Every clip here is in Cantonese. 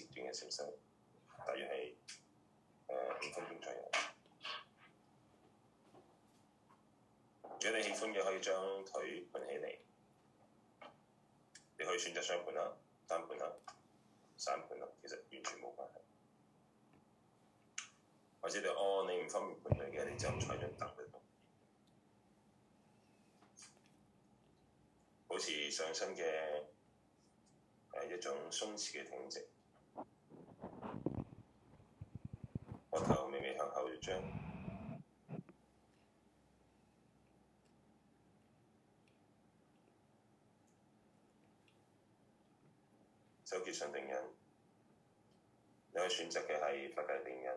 短嘅小數，大約係誒五分鐘左右。如果你喜歡嘅，可以將腿盤起嚟，你可以選擇雙盤啦、單盤啦、散盤啦，其實完全冇關係。或者你哦，你唔方便盤腿嘅，你就坐喺張櫈度。保持上身嘅誒、呃、一種鬆弛嘅挺直。將手結上定印，你可以選擇嘅係法界定印，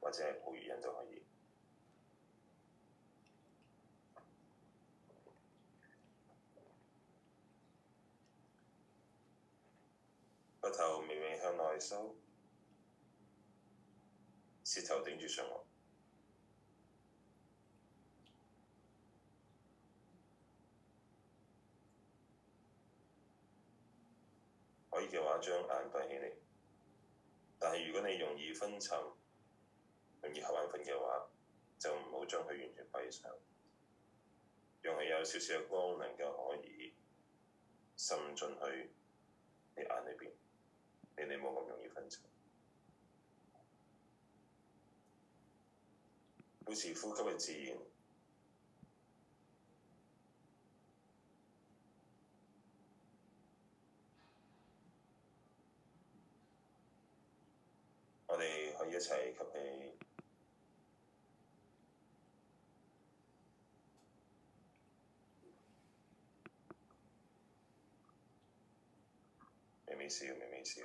或者係普語印都可以。膊頭微微向內收。舌頭頂住上顎，可以嘅話將眼閉起嚟。但係如果你容易昏沉、容易合眼瞓嘅話，就唔好將佢完全閉上，讓佢有少少嘅光能夠可以滲進去你眼裏邊，令你冇咁容易昏沉。保持呼吸嘅自然，我哋可以一齊吸氣，微微笑，微微笑。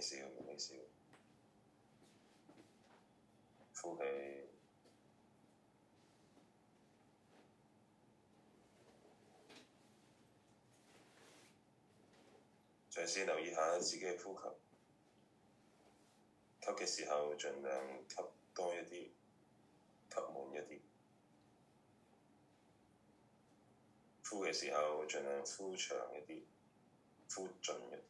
呼氣，再先留意下自己嘅呼吸。吸嘅時候，盡量吸多一啲，吸滿一啲。呼嘅時候，盡量呼長一啲，呼盡一啲。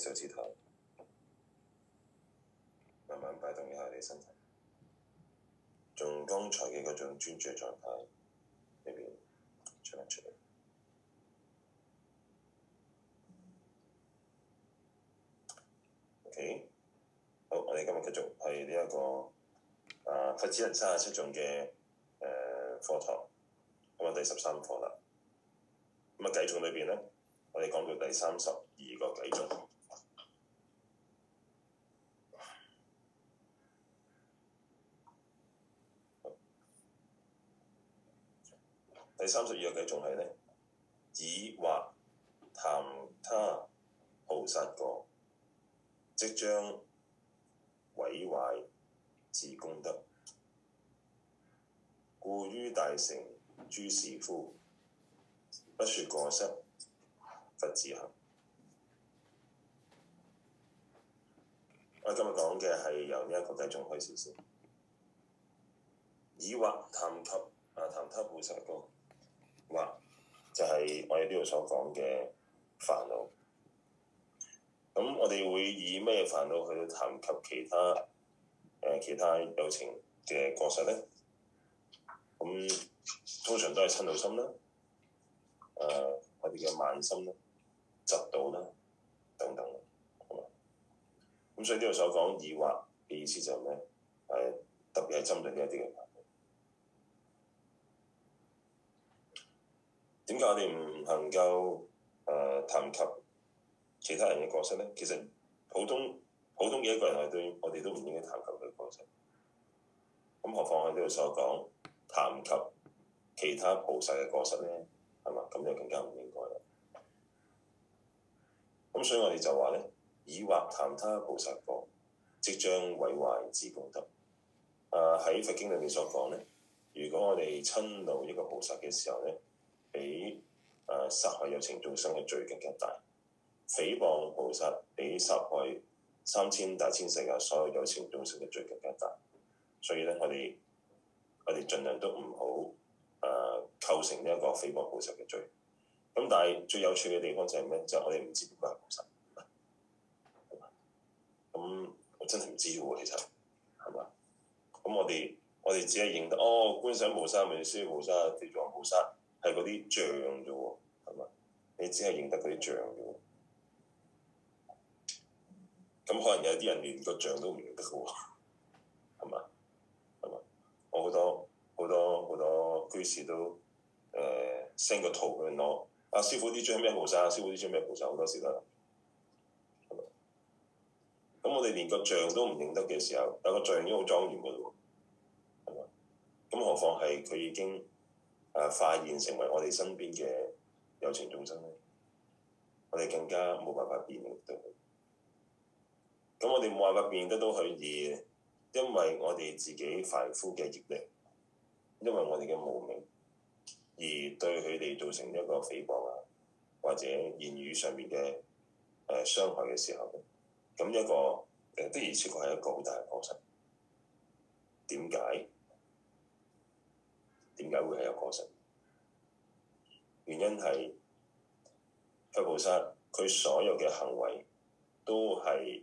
手指頭，慢慢擺動一下你身體，從剛才嘅嗰種專注嘅狀態，呢邊出一出。OK，好，我哋今日繼續係呢一個佛子行三十七頌嘅誒課堂，咁啊，第十三課啦。咁啊，偈頌裏面呢，我哋講到第三十二個偈頌。第三十二個偈頌係呢：以惑談他菩薩過，則將毀壞自功德，故於大乘諸士夫，不説過失，佛子行。我今日講嘅係由呢一個偈頌開始先，以惑談及啊談他菩薩過。話就係、是、我哋呢度所講嘅煩惱，咁我哋會以咩煩惱去談及其他誒、呃、其他有情嘅過失咧？咁通常都係嗔心啦，誒、呃、我哋嘅慢心啦、嫉妒啦等等，咁、嗯、所以呢度所講以惑嘅意思就係咩？誒、呃、特別係針對呢一啲嘅。點解我哋唔能夠誒、談及其他人嘅過失咧？其實普通普通嘅一個人，我哋我哋都唔應該談及佢嘅過失。咁何況我哋所講談及其他菩薩嘅過失咧，係嘛？咁就更加唔應該啦。咁所以我哋就話咧，以惑談他菩薩過，則將毀壞自功德。誒、呃、喺佛經裏面所講咧，如果我哋嗔怒一個菩薩嘅時候咧，比誒、呃、殺害有情眾生嘅罪更加大，誹謗菩薩，比殺害三千大千世界所有有情眾生嘅罪更加大。所以咧，我哋我哋盡量都唔好誒構成呢一個誹謗菩薩嘅罪。咁但係最有趣嘅地方就係咩？就係、是、我哋唔知邊個菩薩。咁我真係唔知嘅喎，其實係嘛？咁我哋我哋只係認得哦，觀想菩薩、明師菩薩、地藏菩薩。係嗰啲像啫喎，係嘛？你只係認得嗰啲像啫喎。咁可能有啲人連個像都唔認得喎，係嘛？係嘛？我好多好多好多居士都誒 send、呃、個圖去攞，阿、啊、師傅啲像咩菩薩？阿、啊、師傅啲像咩菩薩？好多時啦。咁我哋連個像都唔認得嘅時候，有個像已經好莊嚴噶喎，係嘛？咁何況係佢已經。誒、啊、化現成為我哋身邊嘅有情眾生，咧，我哋更加冇辦法辨認得到佢。咁我哋冇辦法辨認得到佢，而因為我哋自己凡夫嘅業力，因為我哋嘅無明，而對佢哋造成一個誹謗啊，或者言語上面嘅誒、呃、傷害嘅時候，咁一個誒、呃、的而且確係一個好大嘅過失。點解？點解會係有過失？原因係佛菩薩佢所有嘅行為都係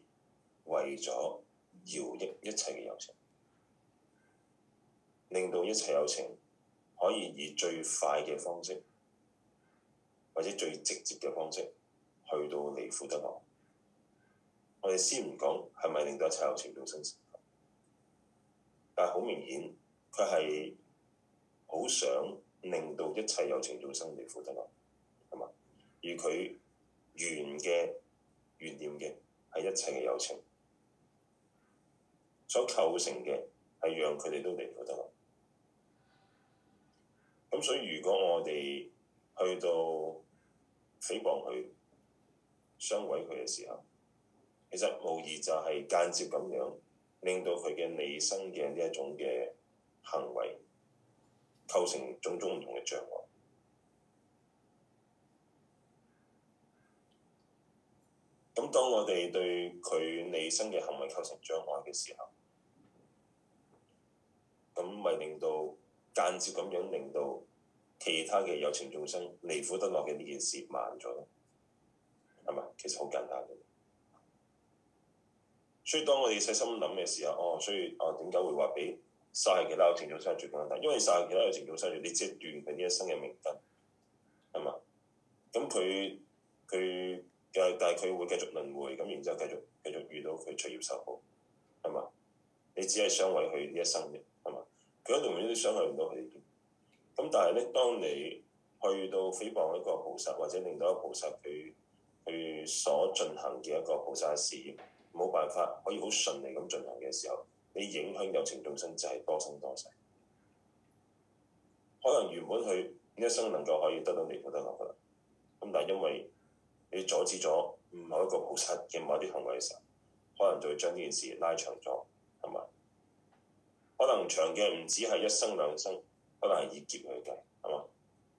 為咗饒益一切嘅有情，令到一切有情可以以最快嘅方式或者最直接嘅方式去到離苦得樂。我哋先唔講係咪令到一切有情都升升，但係好明顯佢係。好想令到一切有情眾生離苦得樂，係嘛？而佢願嘅願念嘅係一切嘅有情所構成嘅，係讓佢哋都離苦得樂。咁所以如果我哋去到誹謗佢、傷毀佢嘅時候，其實無疑就係間接咁樣令到佢嘅離生嘅呢一種嘅行為構成種種唔同嘅障礙。咁當我哋對佢利生嘅行為構成障礙嘅時候，咁咪令到間接咁樣令到其他嘅有情眾生離苦得樂嘅呢件事慢咗咯，係咪？其實好簡單嘅。所以當我哋細心諗嘅時候，哦，所以哦，點解會話俾？殺害其他有情眾生相害最簡單，因為殺害其他有情眾生相害，你只斷佢呢一生嘅名分，係嘛？咁佢佢又但係佢會繼續輪迴，咁然之後繼續繼續遇到佢出業受報，係嘛？你只係傷毀佢呢一生嘅，係嘛？佢根本永遠都傷害唔到佢。咁但係咧，當你去到誹謗一個菩薩，或者令到一個菩薩佢佢所進行嘅一個菩薩事業，冇辦法可以好順利咁進行嘅時候。你影響有情眾生就係多生多世，可能原本佢一生能夠可以得到彌補得落噶啦，咁但係因為你阻止咗唔係某一個菩薩嘅某啲行為嘅時候，可能就會將呢件事拉長咗，係咪？可能長嘅唔止係一生兩生，可能係以劫去計，係嘛？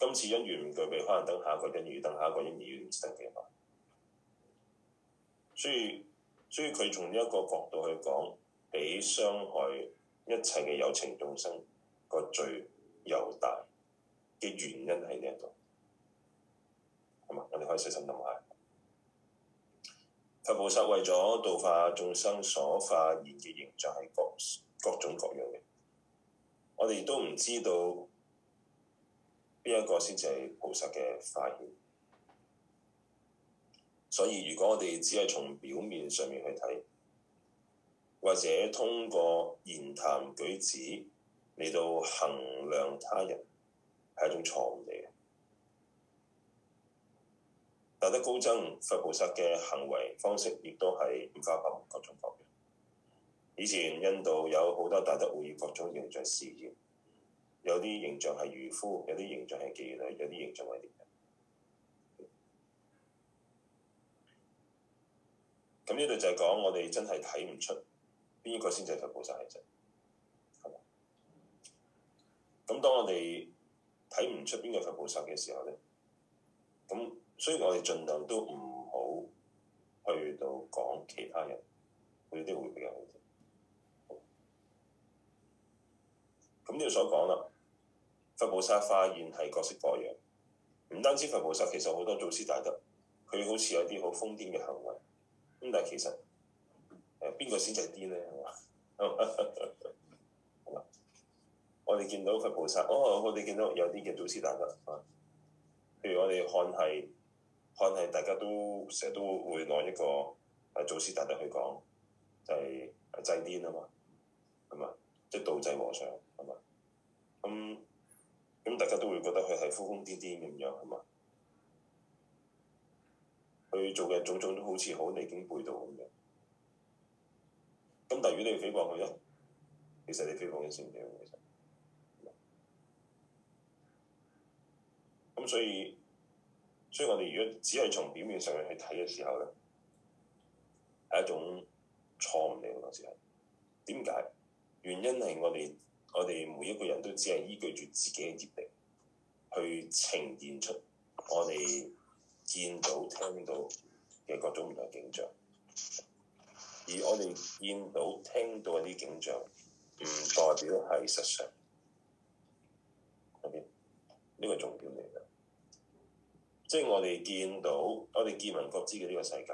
今次因緣唔具備，可能等下一個因緣，等下一個因緣唔知幾耐啊！所以，所以佢從呢一個角度去講。俾傷害一切嘅有情眾生個罪又大嘅原因喺呢度，係嘛？我哋可以細心諗下，佛菩薩為咗度化眾生，所化現嘅形象係各各種各樣嘅，我哋都唔知道邊一個先至係菩薩嘅化現，所以如果我哋只係從表面上面去睇。或者通過言談舉止嚟到衡量他人係一種錯誤嘅。大德高僧、佛菩薩嘅行為方式亦都係五花八門，各種各樣。以前印度有好多大德會以各種形象示現，有啲形象係漁夫，有啲形象係妓女，有啲形象係點嘅？咁呢度就係講我哋真係睇唔出。邊個先至係佛菩薩嚟嘅，係嘛？咁當我哋睇唔出邊個佛菩薩嘅時候咧，咁所以我哋盡量都唔好去到講其他人，佢啲會比較好啲。咁呢度所講啦，佛菩薩化現係各式各樣，唔單止佛菩薩，其實好多祖師大德，佢好似有啲好瘋癲嘅行為，咁但係其實。誒邊個先濟癲咧？係嘛、呃？係嘛、 嗯？我哋見到佛菩薩，哦！我哋見到有啲嘅祖師大德，啊、嗯！譬如我哋看係，看係大家都成日都會攞一個誒祖師大德去講，就係誒濟癲啊嘛，係嘛？即係道濟和尚，係嘛？咁、嗯、咁大家都會覺得佢係瘋瘋癲癲咁樣，係嘛？佢做嘅種種都好似好離經背道咁樣。嗯咁但如果你要飛過去啊？其實你飛過去先唔啊！其實，咁所以，所以我哋如果只係從表面上去睇嘅時候咧，係一種錯誤嚟嘅，嗰時係點解？原因係我哋我哋每一個人都只係依據住自己嘅業力，去呈現出我哋見到聽到嘅各種唔同嘅景象。而我哋見到聽到嘅啲景象，唔代表係實上，係、這、呢個重點嚟嘅，即係我哋見到，我哋見聞覺知嘅呢個世界，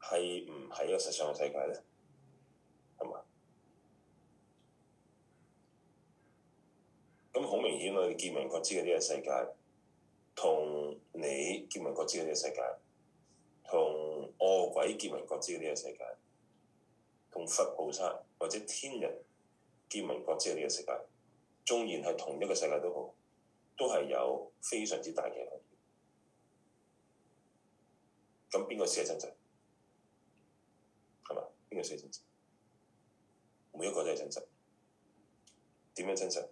係唔係一個實上嘅世界咧？係嘛？咁好明顯，我哋見聞覺知嘅呢個世界，同你見聞覺知嘅呢個世界，同。魔鬼見聞覺知呢個世界，同佛菩薩或者天人見聞覺知呢個世界，縱然係同一個世界都好，都係有非常之大嘅差異。咁邊個先係真實？係咪？邊個先係真實？每一個都係真實。點樣真實？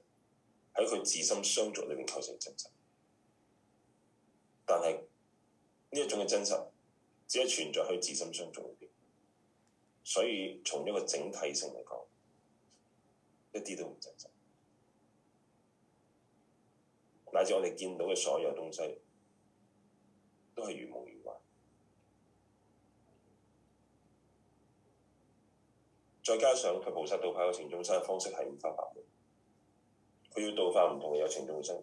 喺佢自心相續裏邊構成真實。但係呢一種嘅真實。只係存在喺自身相續裏邊，所以從一個整體性嚟講，一啲都唔真實，乃至我哋見到嘅所有東西都係如夢如幻。再加上佢菩薩道派嘅有情眾生嘅方式係唔合法嘅，佢要度化唔同嘅有情眾生，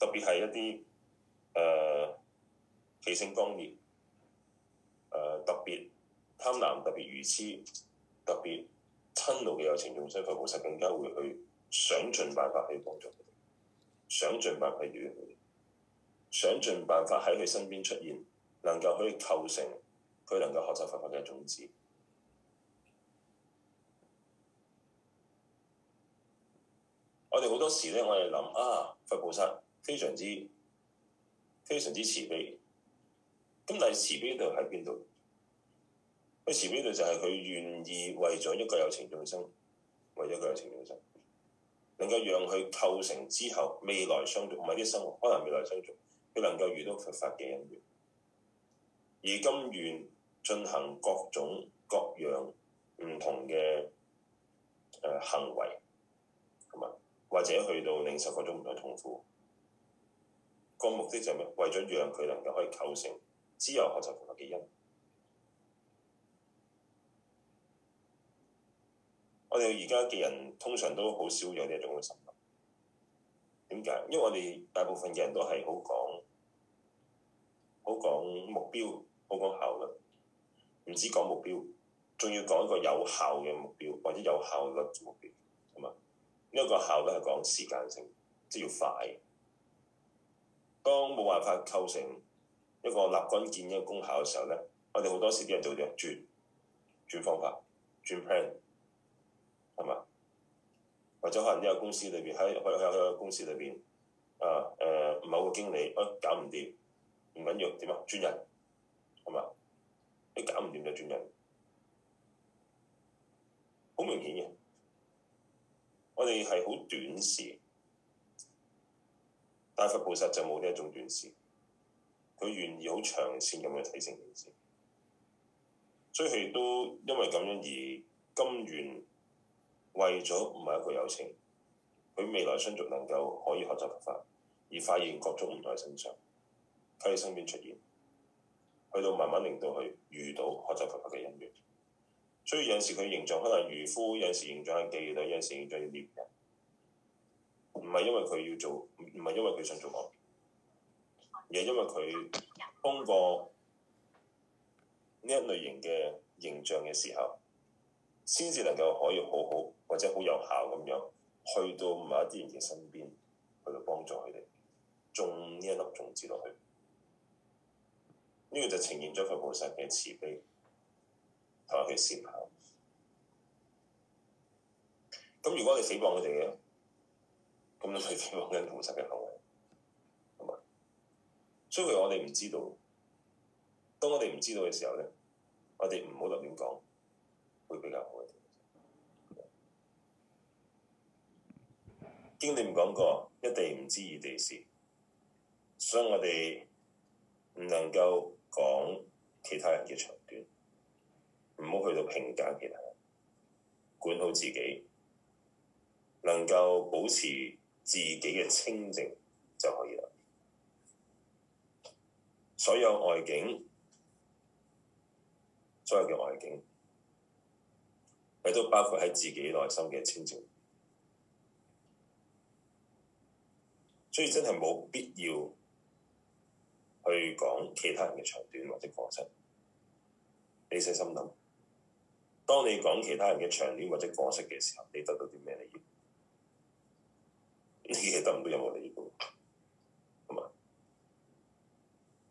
特別係一啲誒奇聖光業。誒特別貪婪、特別愚痴、特別親怒嘅有情眾生，佛菩薩更加會去想盡辦法去幫助，佢想盡辦法去與，想盡辦法喺佢身邊出現，能夠可以構成佢能夠學習佛法嘅種子。我哋好多時咧，我哋諗啊，佛菩薩非常之非常之慈悲，咁但係慈悲度喺邊度？佢前面呢度就係佢願意為咗一個有情眾生，為咗一個有情眾生，能夠讓佢構成之後未來相續，唔係啲生活可能未來相續，佢能夠遇到佛法嘅因緣，而甘願進行各種各樣唔同嘅誒、呃、行為，咁啊，或者去到領受各種唔同痛苦，這個目的就係咩？為咗讓佢能夠可以構成資有學習佛法嘅因。我哋而家嘅人通常都好少有呢一種嘅實力，點解？因為我哋大部分嘅人都係好講好講目標，好講效率，唔止講目標，仲要講一個有效嘅目標或者有效率嘅目標，係嘛？因為個效率係講時間性，即係要快。當冇辦法構成一個立竿見影功效嘅時候咧，我哋好多時啲人就轉轉方法，轉 plan。係嘛？或者可能呢個公司裏邊，喺喺喺喺公司裏邊啊，誒、呃呃、某個經理，哎、呃、搞唔掂，唔緊要點啊？轉人係嘛？你搞唔掂就轉人，好明顯嘅。我哋係好短視，但佛菩薩就冇呢一種短視，佢願意好長線咁去提升件事，所以佢都因為咁樣而甘願。為咗某一個有情，佢未來孫族能夠可以學習佛法，而發現各種唔同嘅現象喺佢身邊出現，去到慢慢令到佢遇到學習佛法嘅因緣。所以有時佢形象可能漁夫，有時形象係妓女，有陣時形象係獵人，唔係因為佢要做，唔唔係因為佢想做惡，而係因為佢通過呢一類型嘅形象嘅時候，先至能夠可以好好。或者好有效咁樣，去到某一啲人嘅身邊，去到幫助佢哋種呢一粒種子落去，呢個就呈現咗佛菩薩嘅慈悲同埋佢善行。咁如果你死亡佢哋嘅，咁你咪死亡緊菩薩嘅行為，係咪？所以我哋唔知道，當我哋唔知道嘅時候咧，我哋唔好立亂講，會比較好。經典講過，一地唔知二地事，所以我哋唔能夠講其他人嘅長短，唔好去到評價其他人，管好自己，能夠保持自己嘅清淨就可以啦。所有外境，所有嘅外境，亦都包括喺自己內心嘅清淨。所以真係冇必要去講其他人嘅長短或者過失。你細心諗，當你講其他人嘅長短或者過失嘅時候，你得到啲咩利益？你亦得唔到任何利益嘅，係咪？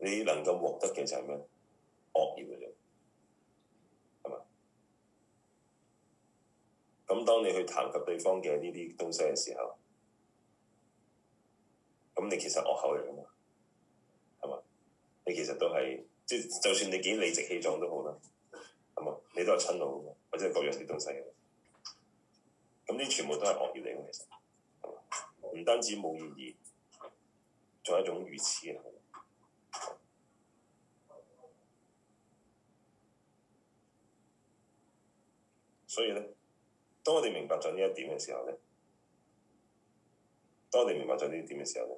你能夠獲得嘅就係咩？惡意嘅啫，係咪？咁當你去談及對方嘅呢啲東西嘅時候，咁你其實惡口嚟噶嘛，係嘛？你其實都係即係，就算你幾理直氣壯都好啦，係嘛？你都係親路嘅，或者各樣啲東西嘅。咁啲全部都係惡業嚟嘅，其實係嘛？唔單止冇意義，仲係一種愚痴嘅好。所以咧，當我哋明白咗呢一點嘅時候咧，當我哋明白咗呢點嘅時候咧。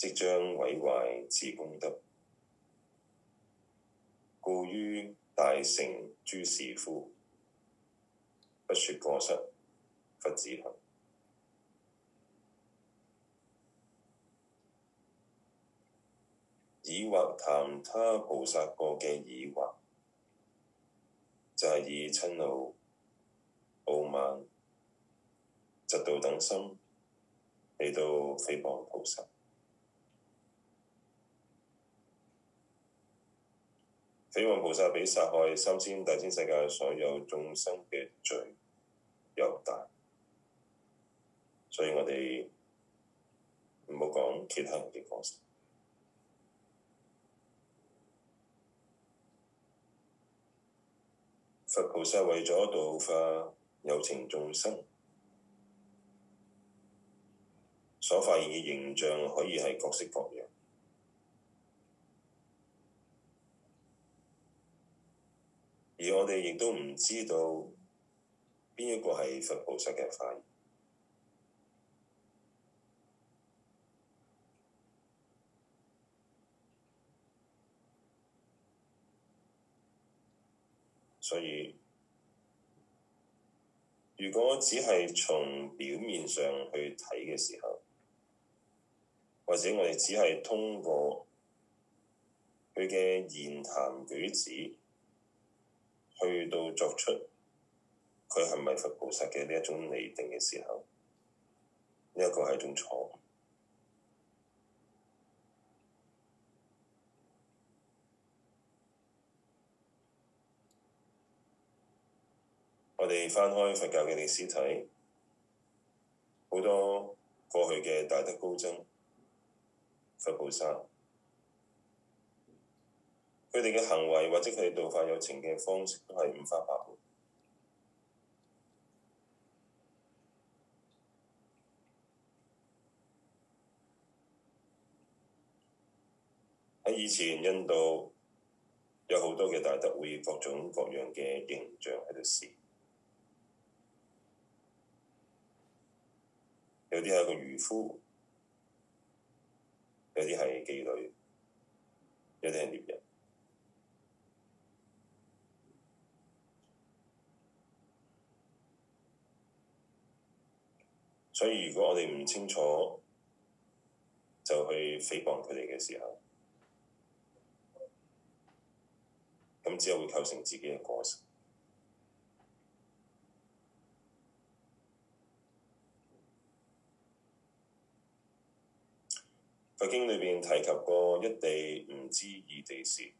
即將毀壞自功德，故於大乘諸士夫，不説過失，佛子行。以惑談他菩薩過嘅以惑，就係、是、以嗔怒傲慢嫉妒等心嚟到誹謗菩薩。誹謗菩薩比殺害三千大千世界所有眾生嘅罪又大，所以我哋唔好講其他人嘅過失。佛菩薩為咗度化有情眾生，所發現嘅形象可以係各式各樣。而我哋亦都唔知道邊一個係佛菩薩嘅法。所以如果只係從表面上去睇嘅時候，或者我哋只係通過佢嘅言談舉止。去到作出佢係咪佛菩薩嘅呢一種釐定嘅時候，呢、這、一個係一種錯誤。我哋翻開佛教嘅歷史睇，好多過去嘅大德高僧佛菩薩。佢哋嘅行為或者佢哋度化有情嘅方式都係五花八門。喺以前印度有好多嘅大德會以各種各樣嘅形象喺度示，有啲係一個漁夫，有啲係妓女，有啲係獵人。所以，如果我哋唔清楚就去誹謗佢哋嘅時候，咁只有會構成自己嘅過失。《佛經》裏面提及過「一地唔知二地事」，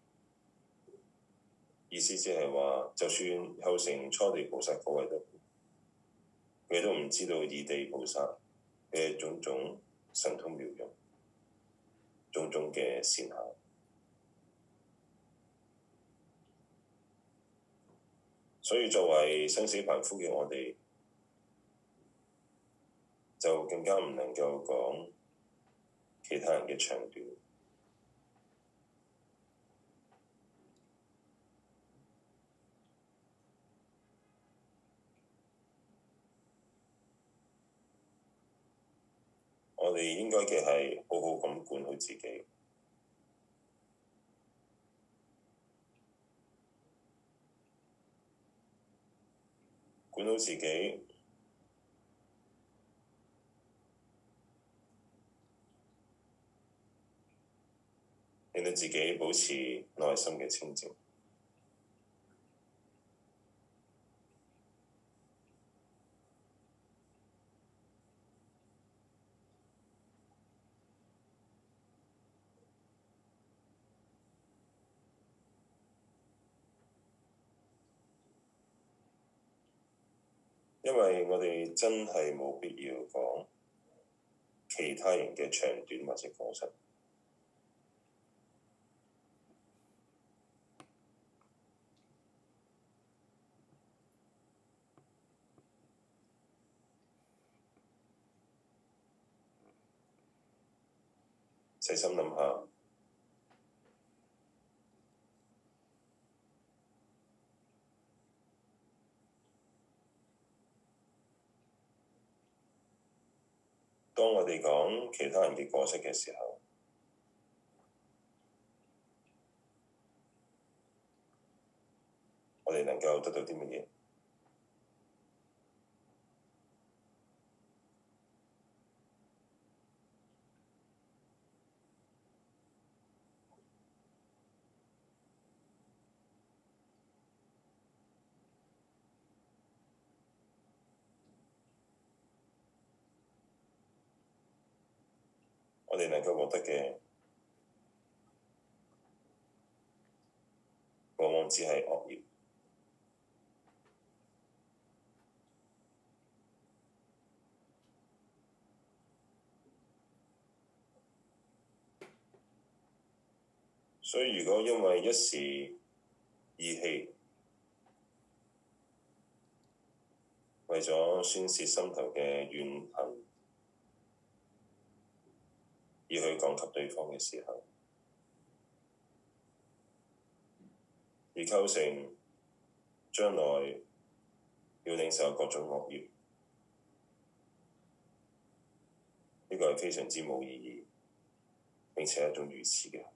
意思即係話，就算構成初地菩薩嗰位都。佢都唔知道二地菩薩嘅種種神通妙用，種種嘅善巧，所以作為生死凡夫嘅我哋，就更加唔能夠講其他人嘅長短。我哋應該嘅係好好咁管好自己，管好自己，令到自己保持內心嘅清靜。因為我哋真係冇必要講其他人嘅長短或者過失，細心諗下。當我哋講其他人嘅過失嘅時候，我哋能夠得到啲乜嘢？佢獲得嘅往往只係惡業，所以如果因為一時意氣，為咗宣泄心頭嘅怨恨，而去講給對方嘅時候，而構成將來要領受各種惡業，呢個係非常之冇意義，並且係一種愚痴嘅。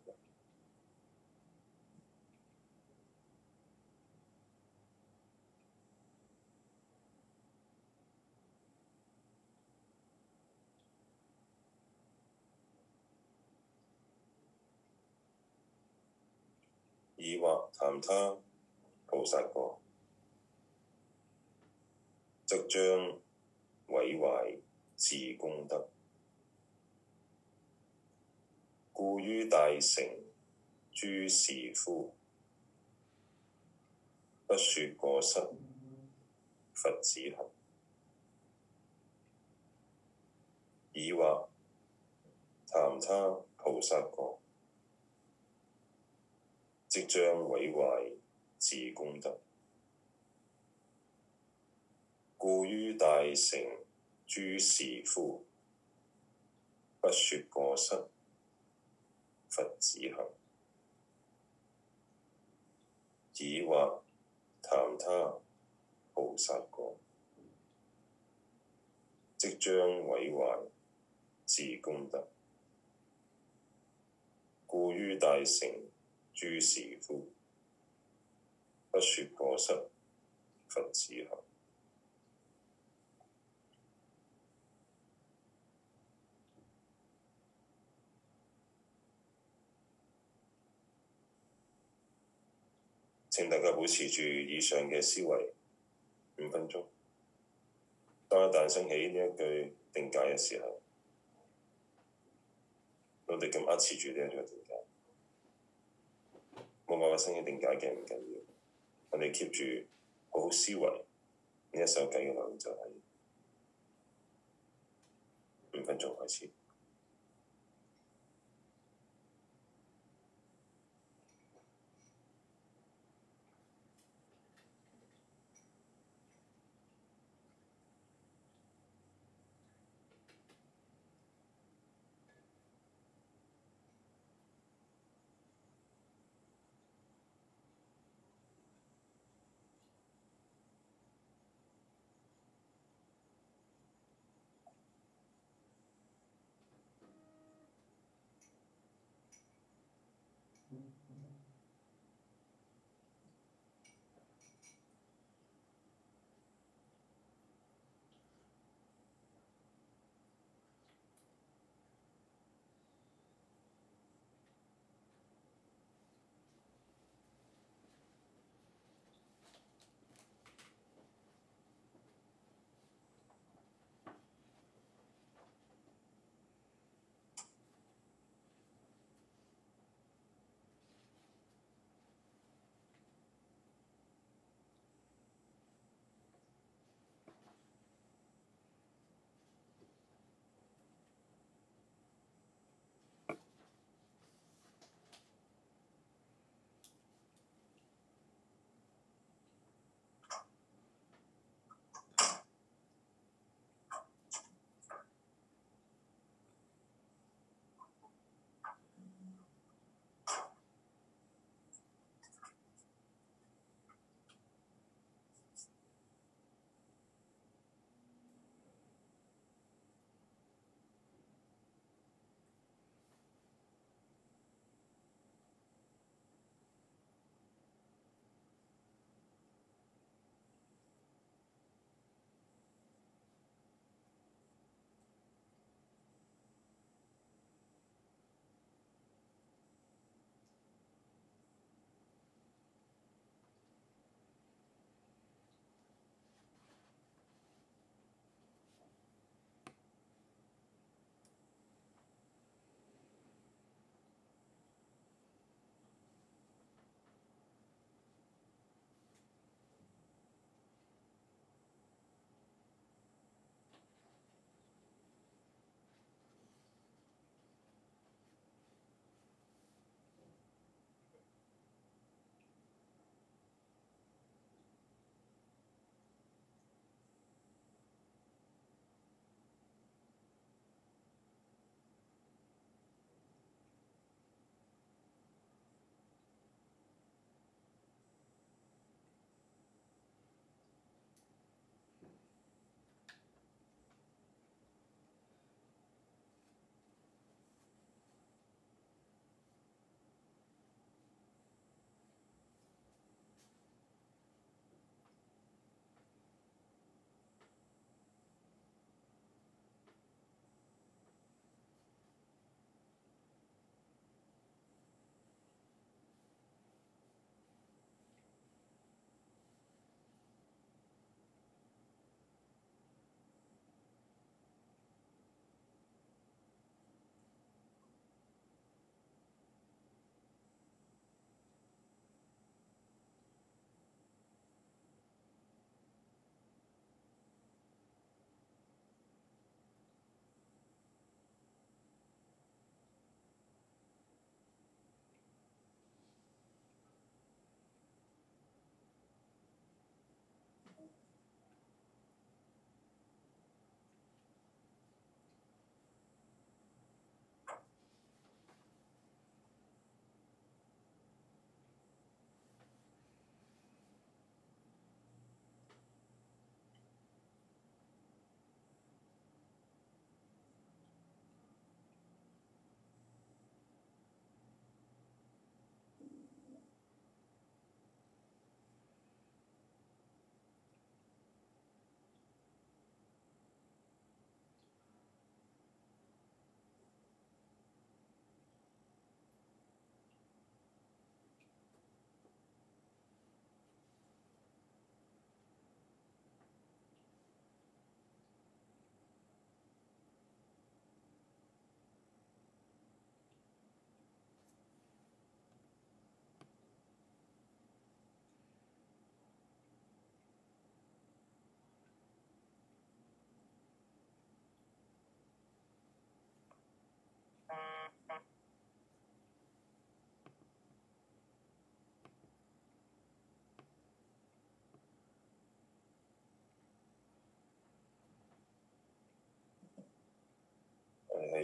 以惑談他菩薩過，則將毀壞自功德。故於大乘諸士夫，不説過失，佛子行。以惑談他菩薩過。則將毀壞自功德，故於大乘諸士夫，不説過失佛子行，以惑談他菩薩過，則將毀壞自功德，故於大乘。諸士夫，不説過失，佛子行。請大家保持住以上嘅思維五分鐘。當我旦生起呢一句定解嘅時候，我哋咁壓持住呢一個冇話把聲一定架鏡，唔緊要，我哋 keep 住好好思維，呢一首偈嘅內容就係五分鐘開始。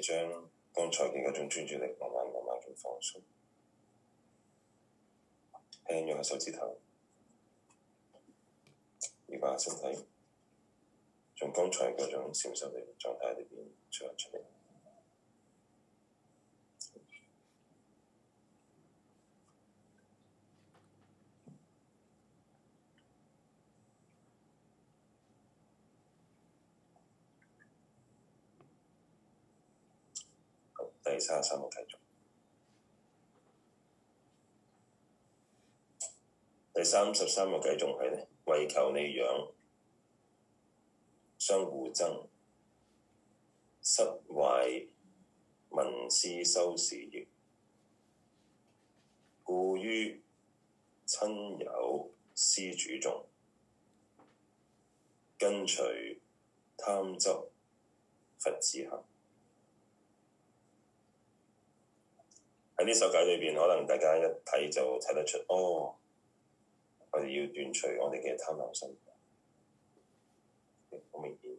將剛才嘅嗰種專注力慢慢慢慢咁放鬆，輕用下手指頭，要把身體從剛才嗰種緊收嘅狀態裏邊釋放出嚟。三十三個偈頌，第三十三個偈頌係咧，為求利養，相互爭，失壞聞思修事業，故於親友施主眾，根除貪執佛子行。喺呢首偈裏邊，可能大家一睇就睇得出，哦、oh，okay，我哋要斷除我哋嘅貪婪心，好明顯。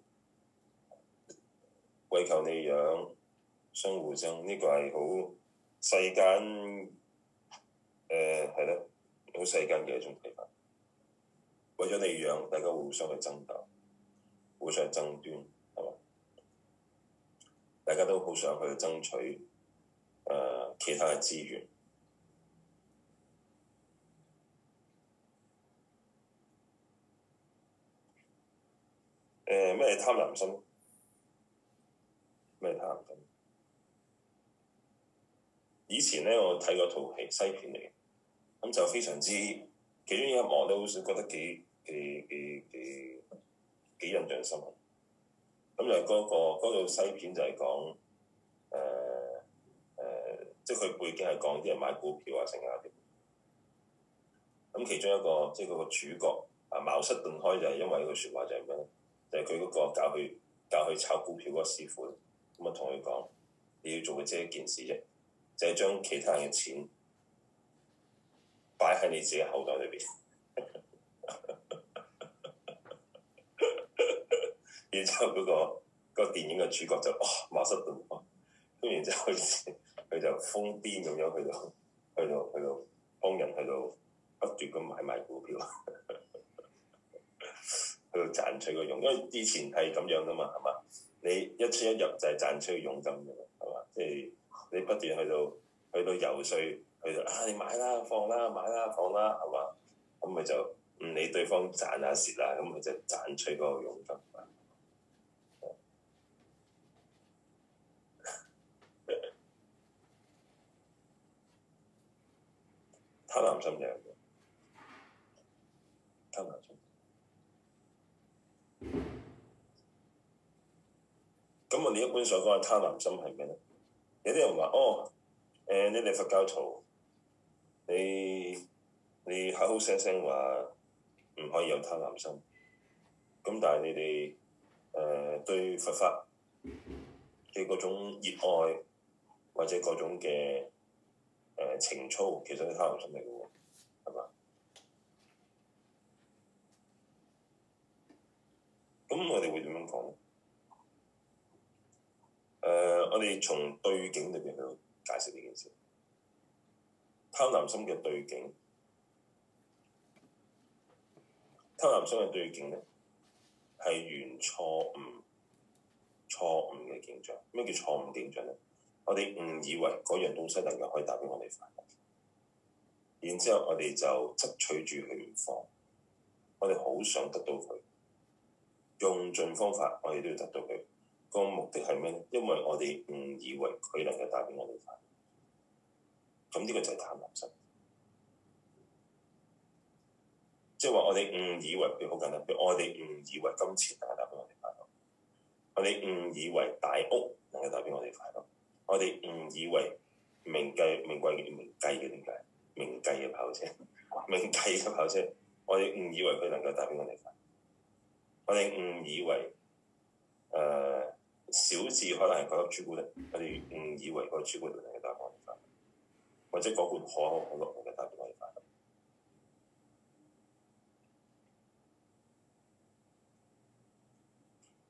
為求利養，相互爭，呢、這個係好世間，誒係咯，好世間嘅一種睇法。為咗利養，大家互相去爭鬥，互相去爭端，係嘛？大家都好想去爭取。誒、啊、其他嘅資源，誒、呃、咩貪婪心，咩貪婪心。以前咧，我睇嗰套戲西片嚟嘅，咁就非常之其中一幕都覺得幾幾幾幾幾印象深刻。咁就嗰、嗰個套、嗰個、西片就係講。即係佢背景係講啲人買股票啊，成啊啲咁，其中一個即係佢個主角啊，茅塞頓開就係因為一句說話，就係咩咧？就係佢嗰個教佢教佢炒股票嗰個師傅，咁啊同佢講，你要做嘅只一件事啫，就係、是、將其他人嘅錢擺喺你自己口袋裏邊。 然之後嗰、那個、那個電影嘅主角就哇、是哦、茅塞頓開，咁然之後始、就是。佢就瘋癲咁樣去到，去到去到，去到幫人去度不斷咁買賣股票， 去到賺取個佣，因為之前係咁樣噶嘛，係嘛？你一出一入就係賺取個佣金嘛，係嘛？即係你不斷去到去到游說，去到啊你買啦放啦買啦放啦，係嘛？咁佢就唔理對方賺啊蝕啊，咁佢就賺取嗰個佣金。貪婪心嘅，貪婪心。咁我哋一般所講嘅貪婪心係咩咧？有啲人話，哦，誒、呃，你哋佛教徒，你你口口聲聲話唔可以有貪婪心，咁但係你哋誒、呃、對佛法嘅嗰種熱愛，或者各種嘅情操其實係貪婪心嚟嘅喎，係嘛？咁我哋會點樣講？誒、呃，我哋從對境裏邊去解釋呢件事。貪婪心嘅對境，貪婪心嘅對境咧，係原錯誤、錯誤嘅景象。咩叫錯誤景象咧？我哋誤以為嗰樣東西能夠可以帶俾我哋快樂，然之後我哋就執取住佢唔放，我哋好想得到佢，用盡方法我哋都要得到佢。個目的係咩咧？因為我哋誤以為佢能夠帶俾我哋快樂。咁呢個就係貪婪心，即係話我哋誤以為，譬如好簡單，譬如我哋誤以為金錢能夠帶俾我哋快樂，我哋誤以為大屋能夠帶俾我哋快樂。我哋誤以為名計，名貴嘅名計嘅，點解？名計嘅跑車，名計嘅跑車，我哋誤以為佢能夠帶俾我哋快樂。我哋誤以為誒，小至可能係嗰粒朱古力，我哋誤以為嗰朱古力能夠帶俾我哋快樂，或者嗰罐可可樂嘅帶俾我哋快樂。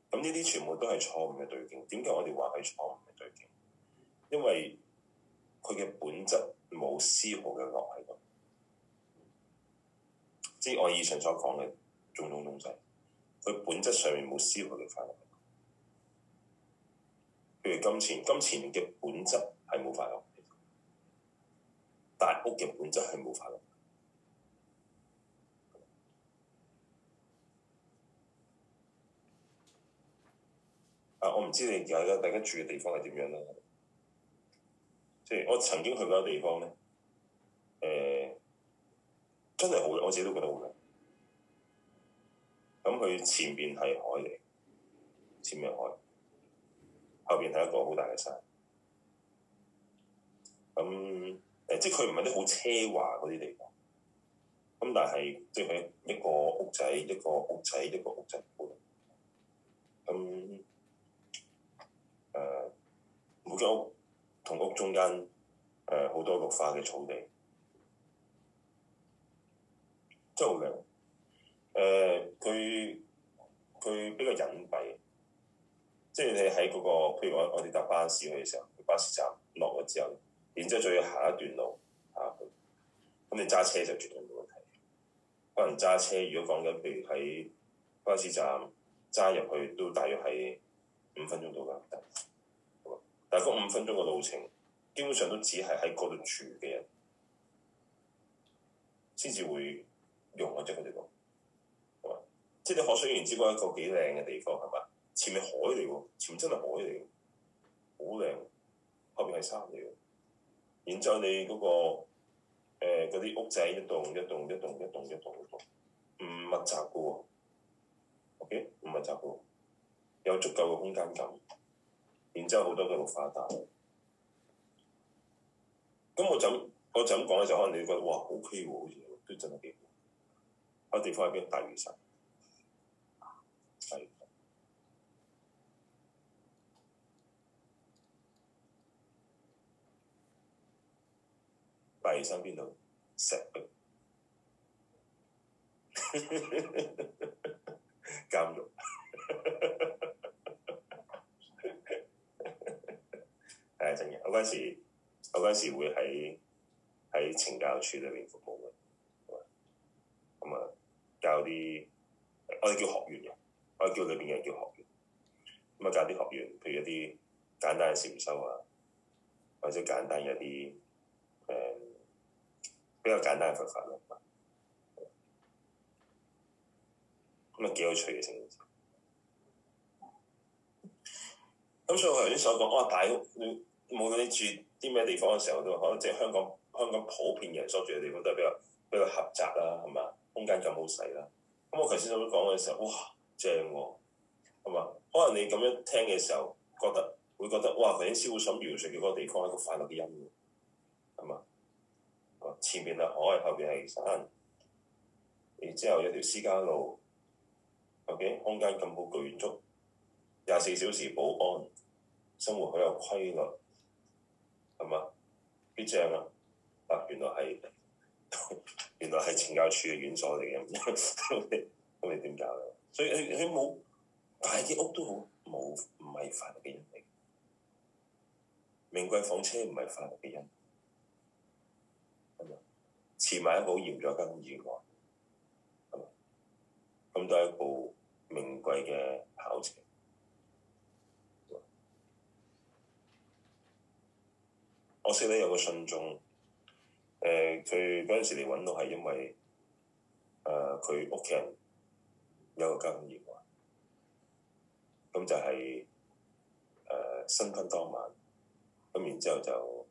咁呢啲全部都係錯誤嘅對境。點解我哋話係錯誤嘅對境？因為佢嘅本質冇絲毫嘅樂喺度，即係我以上所講嘅種種東西，就是，佢本質上面冇絲毫嘅快樂。譬如金錢，金錢嘅本質係冇快樂；但屋嘅本質係冇快樂。啊，我唔知你而家大家住嘅地方係點樣啦。即係我曾經去過一個地方咧，誒、呃、真係好嘅好靚，我自己都覺得好靚。咁、嗯、佢前邊係海嚟，前面係海，後邊係一個好大嘅山。咁、嗯、誒、呃，即係佢唔係啲好奢華嗰啲地方，咁、嗯、但係即係一個屋仔、一個屋仔、一個屋仔咁誒、嗯呃，每個屋。同屋中間，誒、呃、好多綠化嘅草地，真係好靚。佢佢比較隱蔽，即係你喺嗰、那個，譬如我我哋搭巴士去嘅時候，巴士站落咗之後，然之後仲要下一段路下去，咁你揸車就絕對冇問題。可能揸車，如果講緊譬如喺巴士站揸入去，都大約係五分鐘到㗎。但係五分鐘嘅路程，基本上都只係喺嗰度住嘅人先至會用嘅啫，佢哋講，即係你海水明珠灣一個幾靚嘅地方係嘛？前面海嚟喎，前面真係海嚟，好靚。後邊係沙嚟嘅，然之後你嗰、嗰個嗰啲、呃、屋仔一棟一棟一棟一棟一棟一棟，唔密集嘅喎，OK，唔密集嘅喎，有足夠嘅空間感。然之後好多嘅發達，咁我就我就咁講嘅時候，可能你會覺得哇，OK 喎，好、okay、似、okay、都真係幾好。個地方喺邊？大嶼山。大嶼山。大嶼山邊度？石壁。 監獄。 誒正嘢，我嗰陣時、嗯，我嗰陣時會喺喺懲教處裏面服務嘅，咁啊教啲，我哋叫學員嘅，我哋叫裏邊嘅叫學員，咁、嗯、啊教啲學員，譬如一啲簡單嘅禪修啊，或者簡單嘅一啲誒、嗯、比較簡單嘅佛法咁啊幾、嗯嗯、有趣嘅成件事。咁所以我頭先所講，我、啊、大屋無論你住啲咩地方嘅時候，都可能即係香港。香港普遍人所住嘅地方都係比較比較狹窄啦，係嘛？空間咁好細啦。咁我頭先所講嘅時候，哇正喎、啊，係嘛？可能你咁樣聽嘅時候，覺得會覺得哇，頭先師傅所描述嘅嗰個地方係一個快樂嘅音樂，係嘛？前面係海，後面係山，然之後有條私家路，OK，空間咁好巨，巨足，廿四小時保安，生活好有規律。係嘛？幾正啊！啊，原來係原來係懲教處嘅院所嚟嘅，咁你都未點搞？所以佢佢冇大啲屋都好，冇唔係發達嘅人嚟。名貴房車唔係發達嘅人，係嘛？前買好嚴重一間意外，係嘛？咁都係一部名貴嘅跑車。我識得有個信眾，誒、呃，佢嗰陣時嚟揾我係因為，誒、呃，佢屋企人有個感染，咁就係、是、誒、呃、新婚當晚，咁然之後就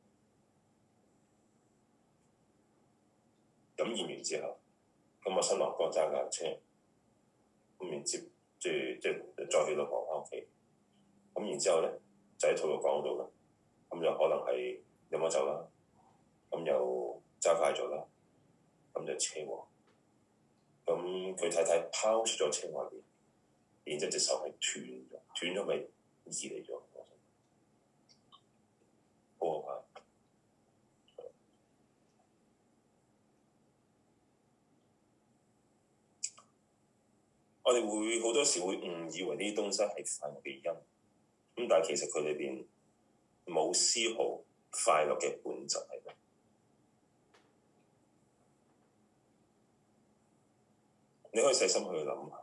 宴完之後，咁啊新郎哥揸架車，咁然後接即係即係再去到婆屋企，咁、就是、然之後咧就喺吐露港嗰度啦，咁就可能係。有冇走啦？咁又揸快咗啦，咁就車禍。咁佢太太拋出咗車外邊，然之後隻手係斷咗，斷咗咪移嚟咗。好啊！ 我哋會好多時會誤以為呢啲東西係犯鼻音，咁但係其實佢裏邊冇絲毫。快樂嘅本質係咩？你可以細心去諗下。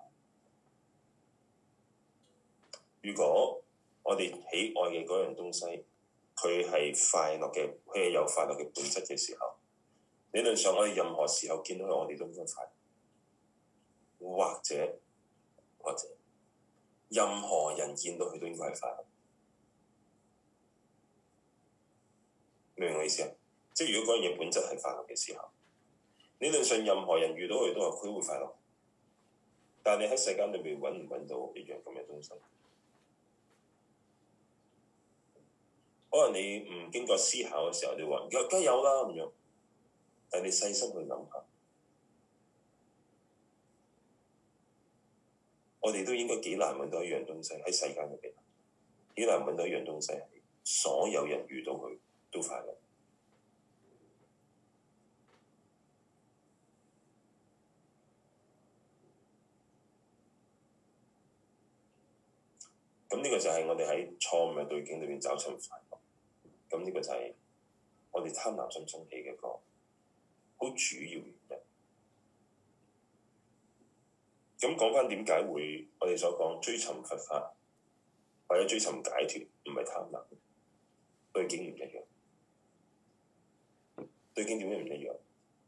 如果我哋喜愛嘅嗰樣東西，佢係快樂嘅，佢係有快樂嘅本質嘅時候，理論上我哋任何時候見到佢，我哋都應該快樂。或者，或者，任何人見到佢都應該係快樂。明唔明我意思啊？即係如果嗰樣嘢本質係快樂嘅時候，理論上任何人遇到佢都係佢會快樂。但係你喺世間裏邊揾唔揾到一樣咁嘅東西？可能你唔經過思考嘅時候，你話若梗有啦咁樣。但你細心去諗下，我哋都應該幾難揾到一樣東西喺世間入邊。幾難揾到一樣東西，係所有人遇到佢，都快樂咯。咁呢個就係我哋喺錯誤嘅對境裏面找尋快樂。咁呢個就係我哋貪婪心升起嘅一個好主要原因。咁講翻點解會我哋所講追尋佛法或者追尋解脫，唔係貪婪？背景唔一樣。最經典嘅唔一樣，